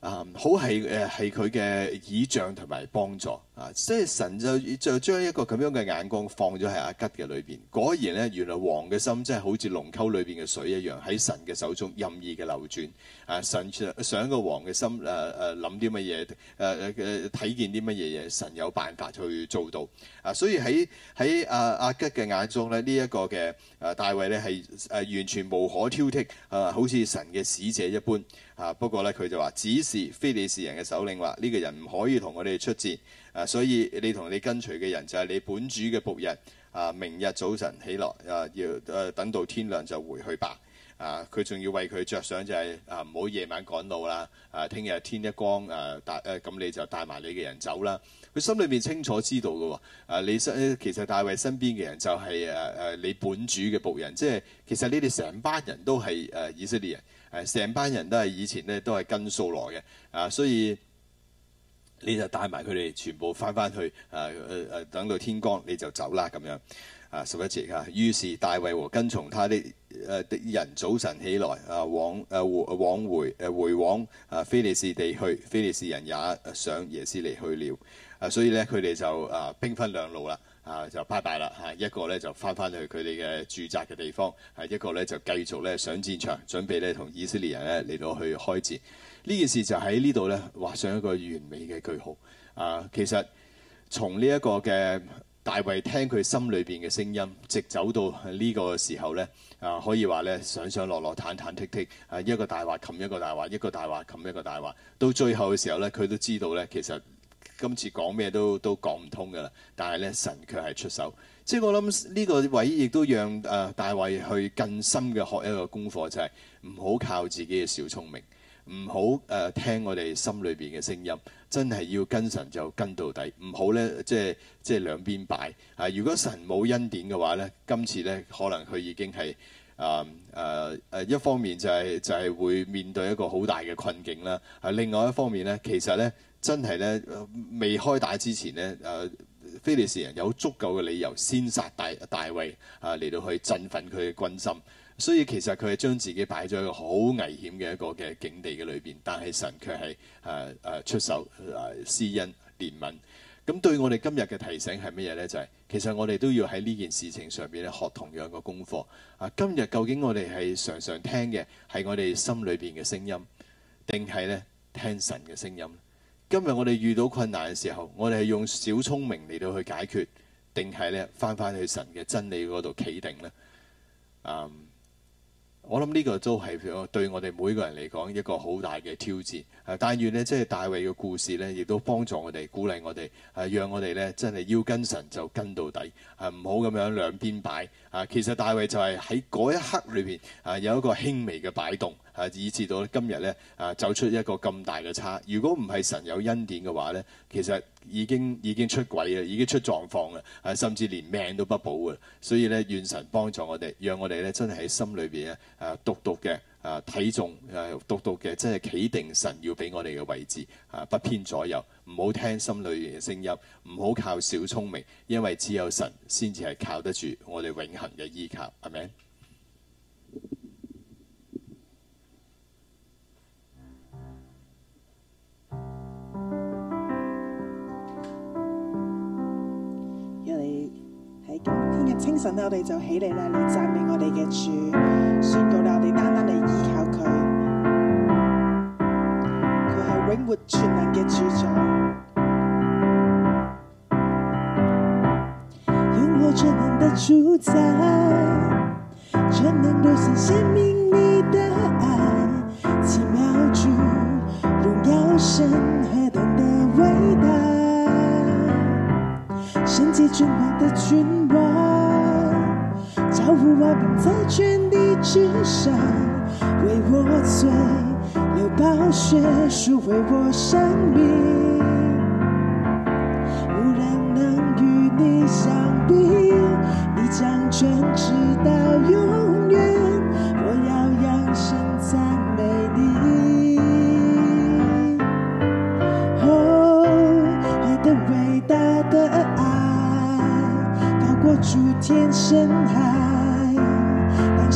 啊，好係誒係佢嘅倚仗同埋幫助。啊！即係神就就將一個咁樣嘅眼光放咗喺阿吉嘅裏邊。果然呢，原來王嘅心真係好似龍溝裏邊嘅水一樣，喺神嘅手中任意嘅流轉啊！神想個王嘅心誒誒諗啲乜嘢誒誒誒睇見啲乜嘢嘢，神有辦法去做到啊！所以喺喺阿阿吉嘅眼中咧，呢、這、一個嘅誒、啊、大衛呢，係誒、啊、完全無可挑剔啊，好似神嘅使者一般啊。不過呢，佢就話指示非利士人嘅首領話呢、這個人唔可以同我哋出戰。啊，所以你同你跟隨嘅人就係你本主嘅僕人。啊，明日早晨起來，啊要誒、啊、等到天亮就回去吧。啊，佢仲要為佢着想就係、是、啊，唔好夜晚趕路啦。啊，聽日天，天一光，誒帶誒咁你就帶埋你嘅人走啦。佢心裏面清楚知道嘅喎、哦。啊，你身其實大衛身邊嘅人就係誒誒你本主嘅僕人，即係其實你哋成班人都係誒、啊、以色列人，誒、啊、成班人都係以前咧都係跟掃羅嘅。啊，所以。你就帶埋佢哋全部翻翻去，誒誒誒，等到天光你就走啦咁樣，啊十一節啊。於是大衛和跟從他的誒敵、呃、人早晨起來，啊往誒、啊、往回誒、啊、回往啊非利士地去，非利士人也上耶斯列去了。啊，所以咧佢哋就啊兵分兩路啦，啊就拜拜啦嚇、啊，一個咧就翻翻去佢哋嘅住宅嘅地方，係、啊、一個咧就繼續咧上戰場，準備咧同以色列人咧嚟到去開戰。呢件事就喺呢度呢，畫上一個完美嘅句號啊、呃！其實從呢一個嘅大衛聽佢心裏邊嘅聲音，直走到呢個時候呢，啊、呃，可以話呢，上上落落、忐忐忑忑啊，一個大話冚一個大話，一個大話冚一,一個大話，到最後嘅時候呢，佢都知道呢，其實今次講咩都都講唔通噶啦。但係呢，神卻係出手，即係我諗呢個位亦都讓誒、呃、大衛去更深嘅學一個功課，就係唔好靠自己嘅小聰明。唔好誒聽我哋心裏邊嘅聲音，真係要跟神就跟到底，唔好咧，即係即係兩邊擺。啊，如果神冇恩典嘅話咧，今次咧可能佢已經係誒誒誒，一方面就係、是、就係、是、會面對一個好大嘅困境啦。啊，另外一方面咧，其實咧真係咧未開打之前咧，誒、啊、非利士人有足夠嘅理由先殺大大衛啊，嚟到去振奮佢嘅軍心。所以其實佢係將自己擺在一個好危險嘅一個嘅境地嘅裏邊，但係神卻係誒誒出手誒施、呃、恩憐憫。咁對我哋今日嘅提醒係乜嘢呢？就係、是、其實我哋都要喺呢件事情上邊咧學同樣嘅功課。啊，今日究竟我哋係常常聽嘅係我哋心裏邊嘅聲音，定係咧聽神嘅聲音？今日我哋遇到困難嘅時候，我哋係用小聰明嚟到去解決，定係咧翻返去神嘅真理嗰度企定呢？嗯。我諗呢個都係對我哋每個人嚟講一個好大嘅挑戰。但願咧，即係大衛嘅故事呢，亦都幫助我哋、鼓勵我哋，啊，讓我哋咧，真係要跟神就跟到底，唔好咁樣兩邊擺。啊，其實大衛就係喺嗰一刻裏邊，啊，有一個輕微嘅擺動。係、啊、以至到今日咧，啊，走出一個咁大嘅差。如果唔係神有恩典嘅話咧，其實已經已經出軌啊，已經出狀況啊，甚至連命都不保啊。所以咧，願神幫助我哋，讓我哋咧，真係喺心裏邊咧，啊，篤篤嘅，啊，睇重啊，篤篤嘅，真係企、啊啊啊、定神要俾我哋嘅位置啊，不偏左右，唔好聽心裏邊嘅聲音，唔好靠小聰明，因為只有神先至係靠得住，我哋永恆嘅依靠。係咪？清晨咧，我哋就起嚟啦。嚟讚美我哋嘅主，宣告啦，我哋單單嚟依靠佢，佢係永活全能嘅主，主，主宰，永活全能嘅主宰，全能都是生命，你的愛，奇妙主榮耀神何等的偉大，聖潔尊貴的君王。高屋瓦頂在全地之上，為我吹，流寶血，贖回我生命，無人能與你相比，你掌權直到永遠，我要揚聲讚美你。哦、oh，愛的偉大的愛，高過諸天深海。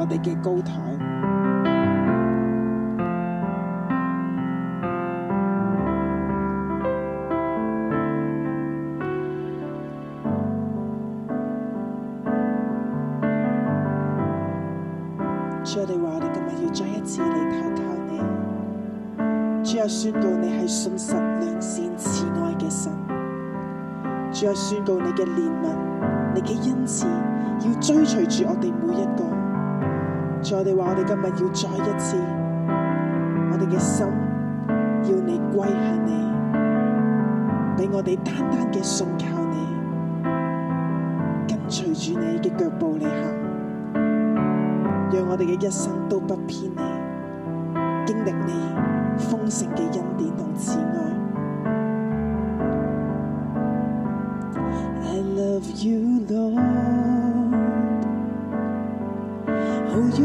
我哋嘅高台，主啊，我哋今日要再一次嚟投靠你。主啊，宣告你係信實、良善、慈愛嘅神。主啊，宣告你嘅憐憫、你嘅恩慈，要追隨住我哋每一個。我哋話，我哋今日要再一次，我哋嘅心要你歸向你，俾我哋單單嘅信靠你，跟隨住你嘅腳步嚟行，讓我哋嘅一生都不偏離，經歷你豐盛嘅恩典同慈愛。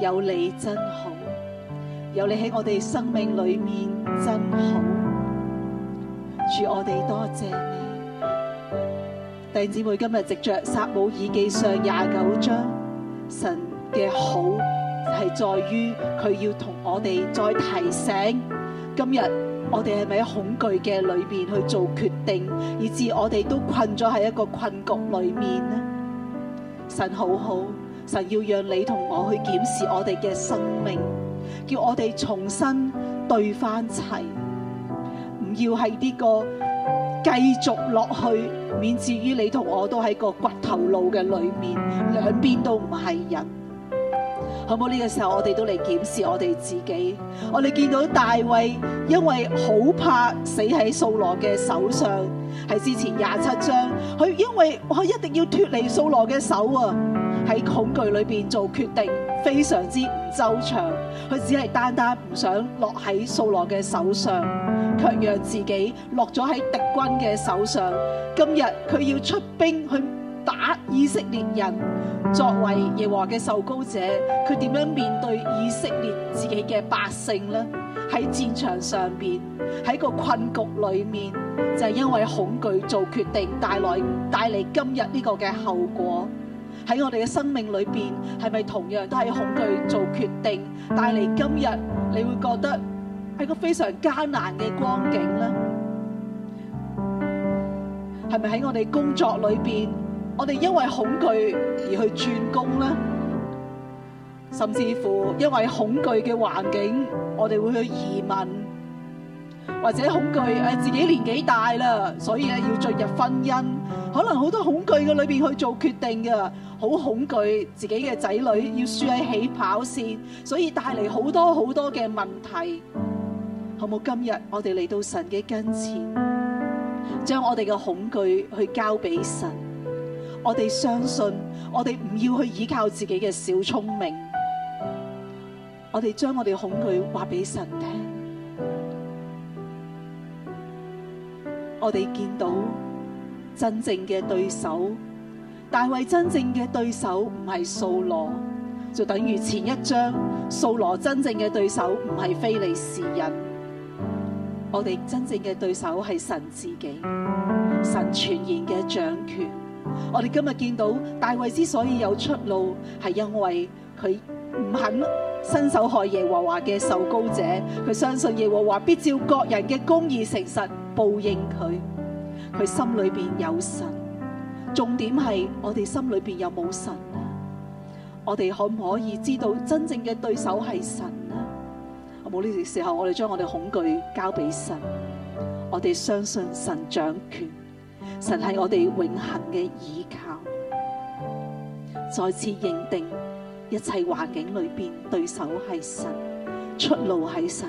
有你真好，有你喺我哋生命裏面真好。主我哋多謝你，弟兄姊妹今日藉着撒母耳記上廿九章，神嘅好係在於佢要同我哋再提醒，今日我哋係咪喺恐懼嘅裏面去做決定，以致我哋都困咗喺一個困局裏面呢？神好好。神要讓你同我去檢視我哋嘅生命，叫我哋重新對翻齊，唔要係呢個繼續落去，免至於你同我都喺個骨頭路嘅裏面，兩邊都唔係人。好冇呢個時候，我哋都嚟檢視我哋自己。我哋見到大衛因為好怕死喺掃羅嘅手上，係之前廿七章，佢因為佢一定要脫離掃羅嘅手啊！喺恐懼裏邊做決定，非常之唔周詳。佢只係單單唔想落喺掃羅嘅手上，卻讓自己落咗喺敵軍嘅手上。今日佢要出兵去打以色列人，作為耶和華嘅受膏者，佢點樣面對以色列自己嘅百姓呢？喺戰場上邊，喺個困局裏面，就係因為恐懼做決定，帶來帶嚟今日呢個嘅後果。喺我哋嘅生命裏邊，係咪同樣都係恐懼做決定，帶嚟今日你會覺得係個非常艱難嘅光景咧？係咪喺我哋工作裏邊，我哋因為恐懼而去轉工咧？甚至乎因為恐懼嘅環境，我哋會去移民？或者恐懼誒自己年紀大啦，所以咧要進入婚姻，可能好多恐懼嘅裏邊去做決定嘅，好恐懼自己嘅仔女要輸喺起跑線，所以帶嚟好多好多嘅問題。好冇？今日我哋嚟到神嘅跟前，將我哋嘅恐懼去交俾神，我哋相信我哋唔要去依靠自己嘅小聰明，我哋將我哋恐懼話俾神聽。我哋見到真正嘅對手，大衛真正嘅對手唔係掃羅，就等於前一章，掃羅真正嘅對手唔係非利士人。我哋真正嘅對手係神自己，神全然嘅掌權。我哋今日見到大衛之所以有出路，係因為佢唔肯伸手害耶和華嘅受膏者，佢相信耶和華必照各人嘅公義誠實。報應佢，佢心裏邊有神。重點係我哋心裏邊有冇神啊？我哋可唔可以知道真正嘅對手係神呢？冇呢段時候，我哋將我哋恐懼交俾神，我哋相信神掌權，神係我哋永恆嘅倚靠。再次認定一切環境裏邊，對手係神，出路係神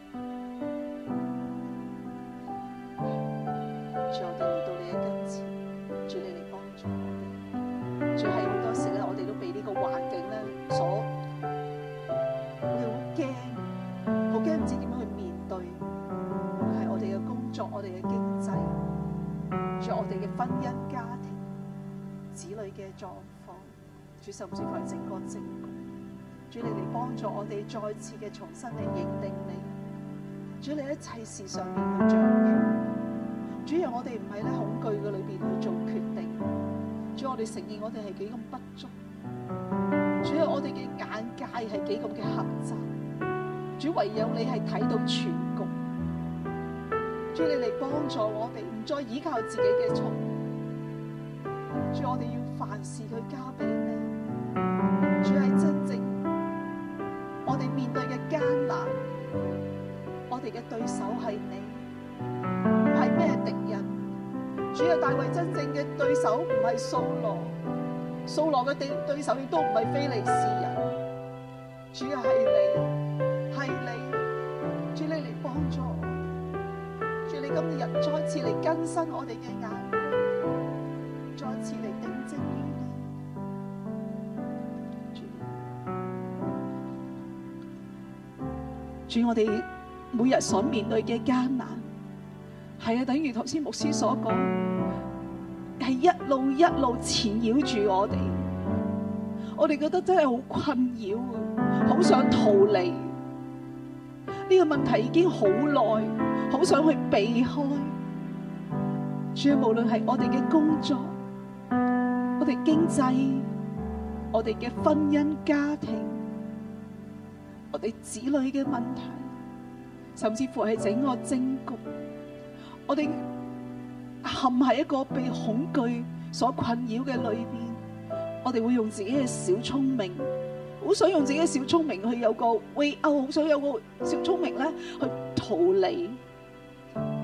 主甚至係整個證據，主你嚟幫助我哋再次嘅重新嚟認定你，主你一切事上面嘅掌權，主要我哋唔係咧恐懼嘅裏邊去做決定，主要我哋承認我哋係幾咁不足，主要我哋嘅眼界係幾咁嘅狹窄，主唯有你係睇到全局，主要你嚟幫助我哋唔再依靠自己嘅錯，主要我哋要凡事去交俾。主係真正我哋面對嘅艱難，我哋嘅對手係你，唔係咩敵人？主啊，大衛真正嘅對手唔係掃羅，掃羅嘅對手亦都唔係非利士人。主啊，係你，係你，主你嚟幫助我，主你今日再次嚟更新我哋嘅眼光，再次嚟。主，我哋每日所面對嘅艱難，係啊，等於頭先牧師所講，係一路一路纏繞住我哋。我哋覺得真係好困擾啊，好想逃離。呢個問題已經好耐，好想去避開。主，無論係我哋嘅工作、我哋經濟、我哋嘅婚姻家庭。我哋子女嘅問題，甚至乎係整個政局，我哋陷喺一個被恐懼所困擾嘅裏面。我哋會用自己嘅小聰明，好想用自己嘅小聰明去有個，喂啊，好想有個小聰明咧去逃離。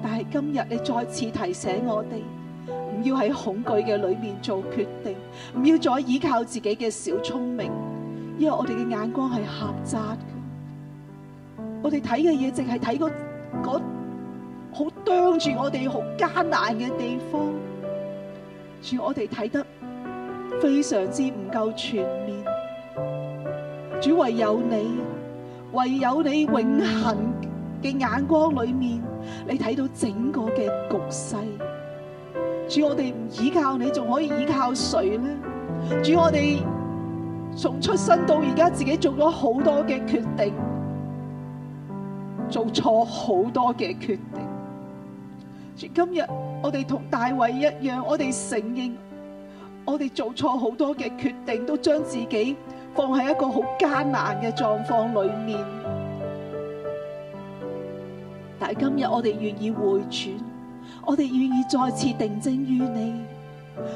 但係今日你再次提醒我哋，唔要喺恐懼嘅裏面做決定，唔要再倚靠自己嘅小聰明，因為我哋嘅眼光係狹窄。我哋睇嘅嘢，淨係睇嗰嗰好當住我哋好艱難嘅地方，主，我哋睇得非常之唔夠全面。主，唯有你，唯有你永恆嘅眼光裏面，你睇到整個嘅局勢。主，我哋唔依靠你，仲可以依靠誰咧？主，我哋從出生到而家，自己做咗好多嘅決定。做錯好多嘅決定，今日我哋同大衛一樣，我哋承認我哋做錯好多嘅決定，都將自己放喺一個好艱難嘅狀況裏面。但係今日我哋願意回轉，我哋願意再次定睛於你，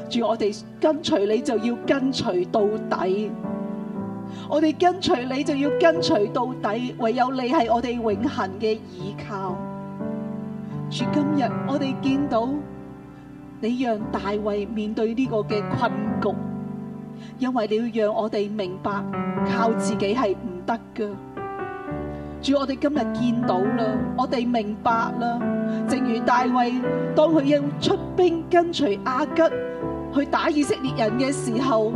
主，我哋跟隨你就要跟隨到底。我哋跟隨你就要跟隨到底，唯有你係我哋永恒嘅依靠。主今日我哋見到你讓大衛面對呢個嘅困局，因為你要讓我哋明白靠自己係唔得㗎。主，我哋今日見到啦，我哋明白啦。正如大衛當佢要出兵跟隨亞吉去打以色列人嘅時候。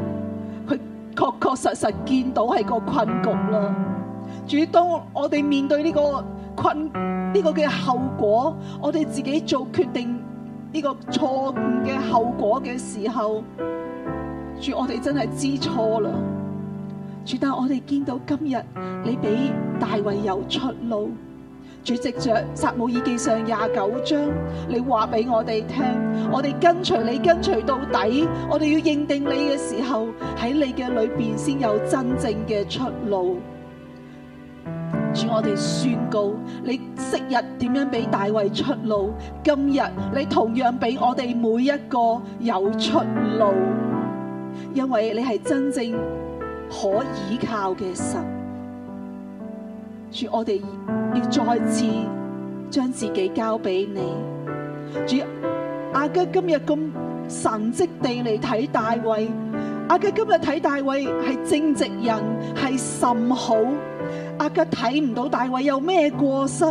確確實實見到係個困局啦。主，當我哋面對呢個困呢個嘅後果，我哋自己做決定呢個錯誤嘅後果嘅時候，主，我哋真係知錯啦。主，但我哋見到今日，你俾大衛有出路。主席著撒母耳記上廿九章，你話俾我哋聽，我哋跟隨你跟隨到底，我哋要認定你嘅時候喺你嘅裏邊先有真正嘅出路。主，我哋宣告，你昔日點樣俾大衛出路，今日你同樣俾我哋每一個有出路，因為你係真正可依靠嘅神。主，我哋要再次將自己交俾你。主，阿吉今日咁神蹟地嚟睇大衛，阿吉今日睇大衛係正直人，係甚好。阿吉睇唔到大衛有咩過失，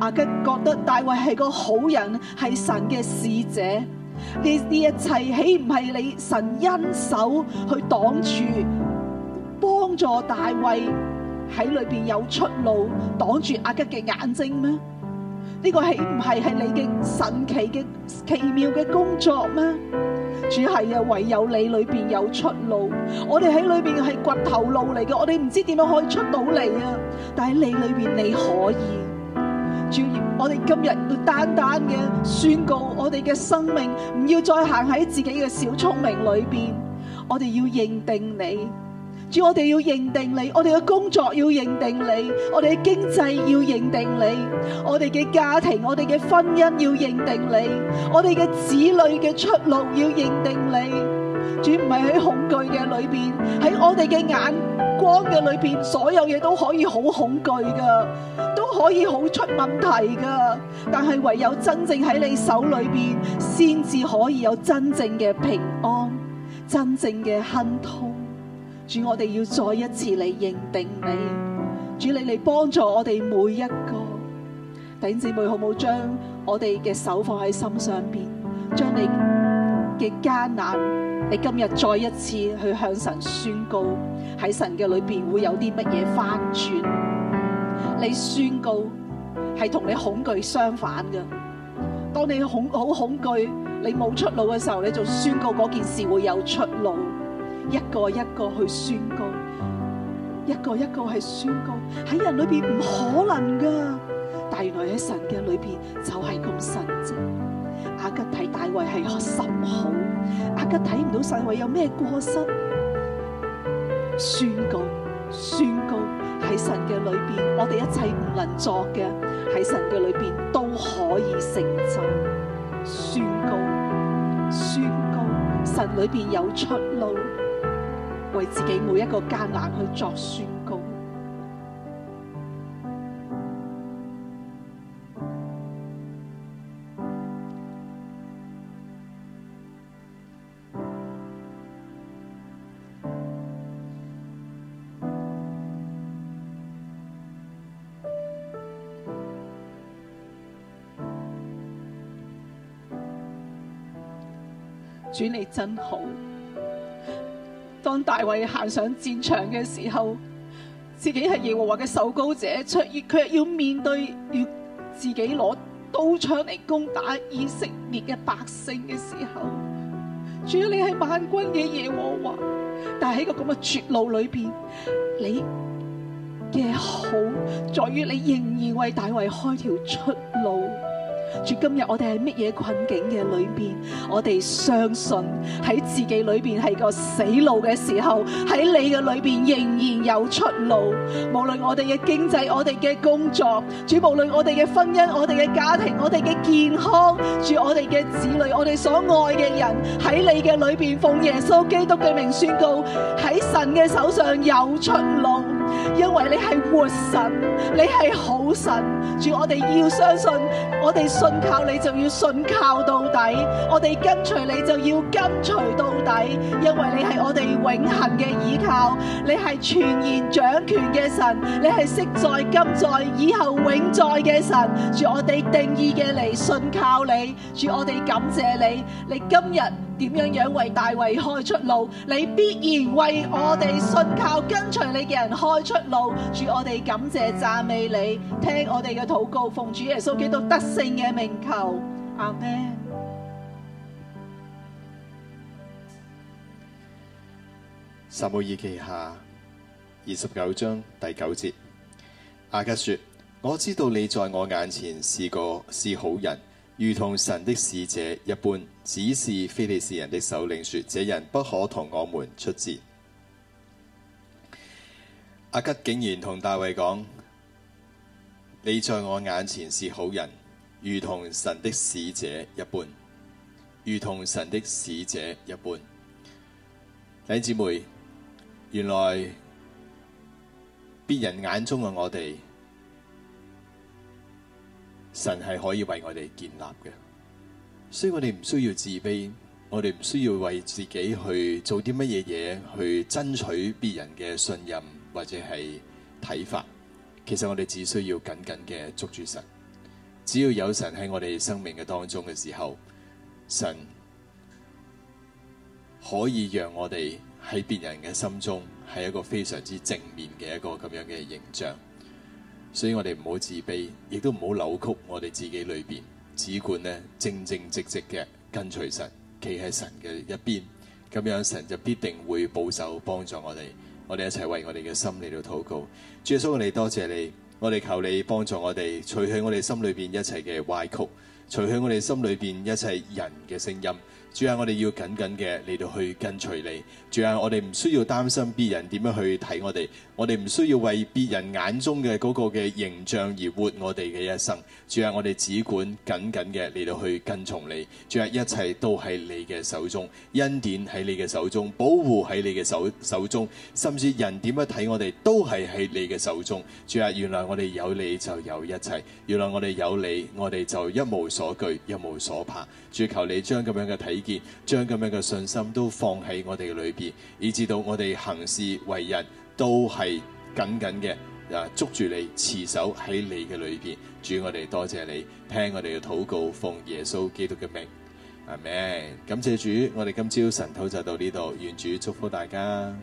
阿吉覺得大衛係個好人，係神嘅使者。呢呢一切豈唔係你神恩手去擋住、幫助大衛？喺裏邊有出路擋住亞吉嘅眼睛咩？呢個豈唔係係你嘅神奇嘅奇妙嘅工作咩？主係啊，唯有你裏邊有出路。我哋喺裏邊係掘頭路嚟嘅，我哋唔知點樣可以出到嚟啊！但係你裏邊你可以，主耶穌，我哋今日要單單嘅宣告，我哋嘅生命唔要再行喺自己嘅小聰明裏邊，我哋要認定你。主，我哋要認定你，我哋嘅工作要認定你，我哋嘅經濟要認定你，我哋嘅家庭、我哋嘅婚姻要認定你，我哋嘅子女嘅出路要認定你。主唔係喺恐懼嘅裏邊，喺我哋嘅眼光嘅裏邊，所有嘢都可以好恐懼噶，都可以好出問題噶。但係唯有真正喺你手裏邊，先至可以有真正嘅平安，真正嘅亨通。主，我哋要再一次嚟認定你。主，你嚟幫助我哋每一個弟兄姊妹，好唔好將我哋嘅手放喺心上邊，將你嘅艱難，你今日再一次去向神宣告，喺神嘅裏邊會有啲乜嘢翻轉？你宣告係同你恐懼相反嘅。當你恐好恐懼，你冇出路嘅時候，你就宣告嗰件事會有出路。一個一個去宣告，一個一個係宣告喺人裏邊唔可能噶，但係原來喺神嘅裏邊就係咁神蹟。阿吉睇大衛係心好，阿吉睇唔到大衛有咩過失，宣告，宣告喺神嘅裏邊，我哋一切唔能作嘅喺神嘅裏邊都可以成就，宣告，宣告，神裏邊有出路。為自己每一個艱難去作宣告，主你真好。當大衛行上戰場嘅時候，自己係耶和華嘅受膏者，出現佢要面對要自己攞刀槍嚟攻打以色列嘅百姓嘅時候，主要你係萬軍嘅耶和華，但係喺個咁嘅絕路裏邊，你嘅好在於你仍然為大衛開條出。主今日我哋喺乜嘢困境嘅裏邊，我哋相信喺自己裏邊係個死路嘅時候，喺你嘅裏邊仍然有出路。無論我哋嘅經濟、我哋嘅工作，主無論我哋嘅婚姻、我哋嘅家庭、我哋嘅健康，主我哋嘅子女、我哋所愛嘅人，喺你嘅裏邊，奉耶穌基督嘅名宣告，喺神嘅手上有出路。因為你係活神，你係好神，主我哋要相信，我哋信靠你就要信靠到底，我哋跟隨你就要跟隨到底，因為你係我哋永恒嘅依靠，你係全然掌權嘅神，你係昔在今在以後永在嘅神，主我哋定意嘅嚟信靠你，主我哋感謝你，你今日。點樣樣為大衛開出路？你必然為我哋信靠跟隨你嘅人開出路。主我哋感謝讚美你，聽我哋嘅禱告，奉主耶穌基督得勝嘅名求。阿門。撒母耳記下二十九章第九節，亞吉說：我知道你在我眼前是個是好人。如同神的使者一般，只是非利士人的首領說：這人不可同我們出戰。阿吉竟然同大衛講：你在我眼前是好人，如同神的使者一般，如同神的使者一般。弟兄姊妹，原來別人眼中嘅我哋。神係可以為我哋建立嘅，所以我哋唔需要自卑，我哋唔需要為自己去做啲乜嘢嘢去爭取別人嘅信任或者係睇法。其實我哋只需要緊緊嘅捉住神，只要有神喺我哋生命嘅當中嘅時候，神可以讓我哋喺別人嘅心中係一個非常之正面嘅一個咁樣嘅形象。所以我哋唔好自卑，亦都唔好扭曲我哋自己裏邊，只管咧正正直直嘅跟隨神，企喺神嘅一邊，咁樣神就必定會保守幫助我哋。我哋一齊為我哋嘅心理度禱告。主耶穌，我哋多謝你，我哋求你幫助我哋，除去我哋心裏邊一切嘅歪曲，除去我哋心裏邊一切人嘅聲音。主啊，我哋要緊緊嘅嚟到去跟隨你。主啊，我哋唔需要擔心別人點樣去睇我哋，我哋唔需要為別人眼中嘅嗰個嘅形象而活我哋嘅一生。主啊，我哋只管緊緊嘅嚟到去跟從你。主啊，一切都喺你嘅手中，恩典喺你嘅手中，保護喺你嘅手手中，甚至人點樣睇我哋都係喺你嘅手中。主啊，原來我哋有你就有一切，原來我哋有你，我哋就一無所懼，一無所怕。主求你將咁樣嘅體。將咁樣嘅信心都放喺我哋裏邊，以至到我哋行事為人都係緊緊嘅，啊捉住你，持守喺你嘅裏邊。主，我哋多謝你，聽我哋嘅禱告，奉耶穌基督嘅名。阿門。感謝主，我哋今朝晨禱就到呢度，願主祝福大家。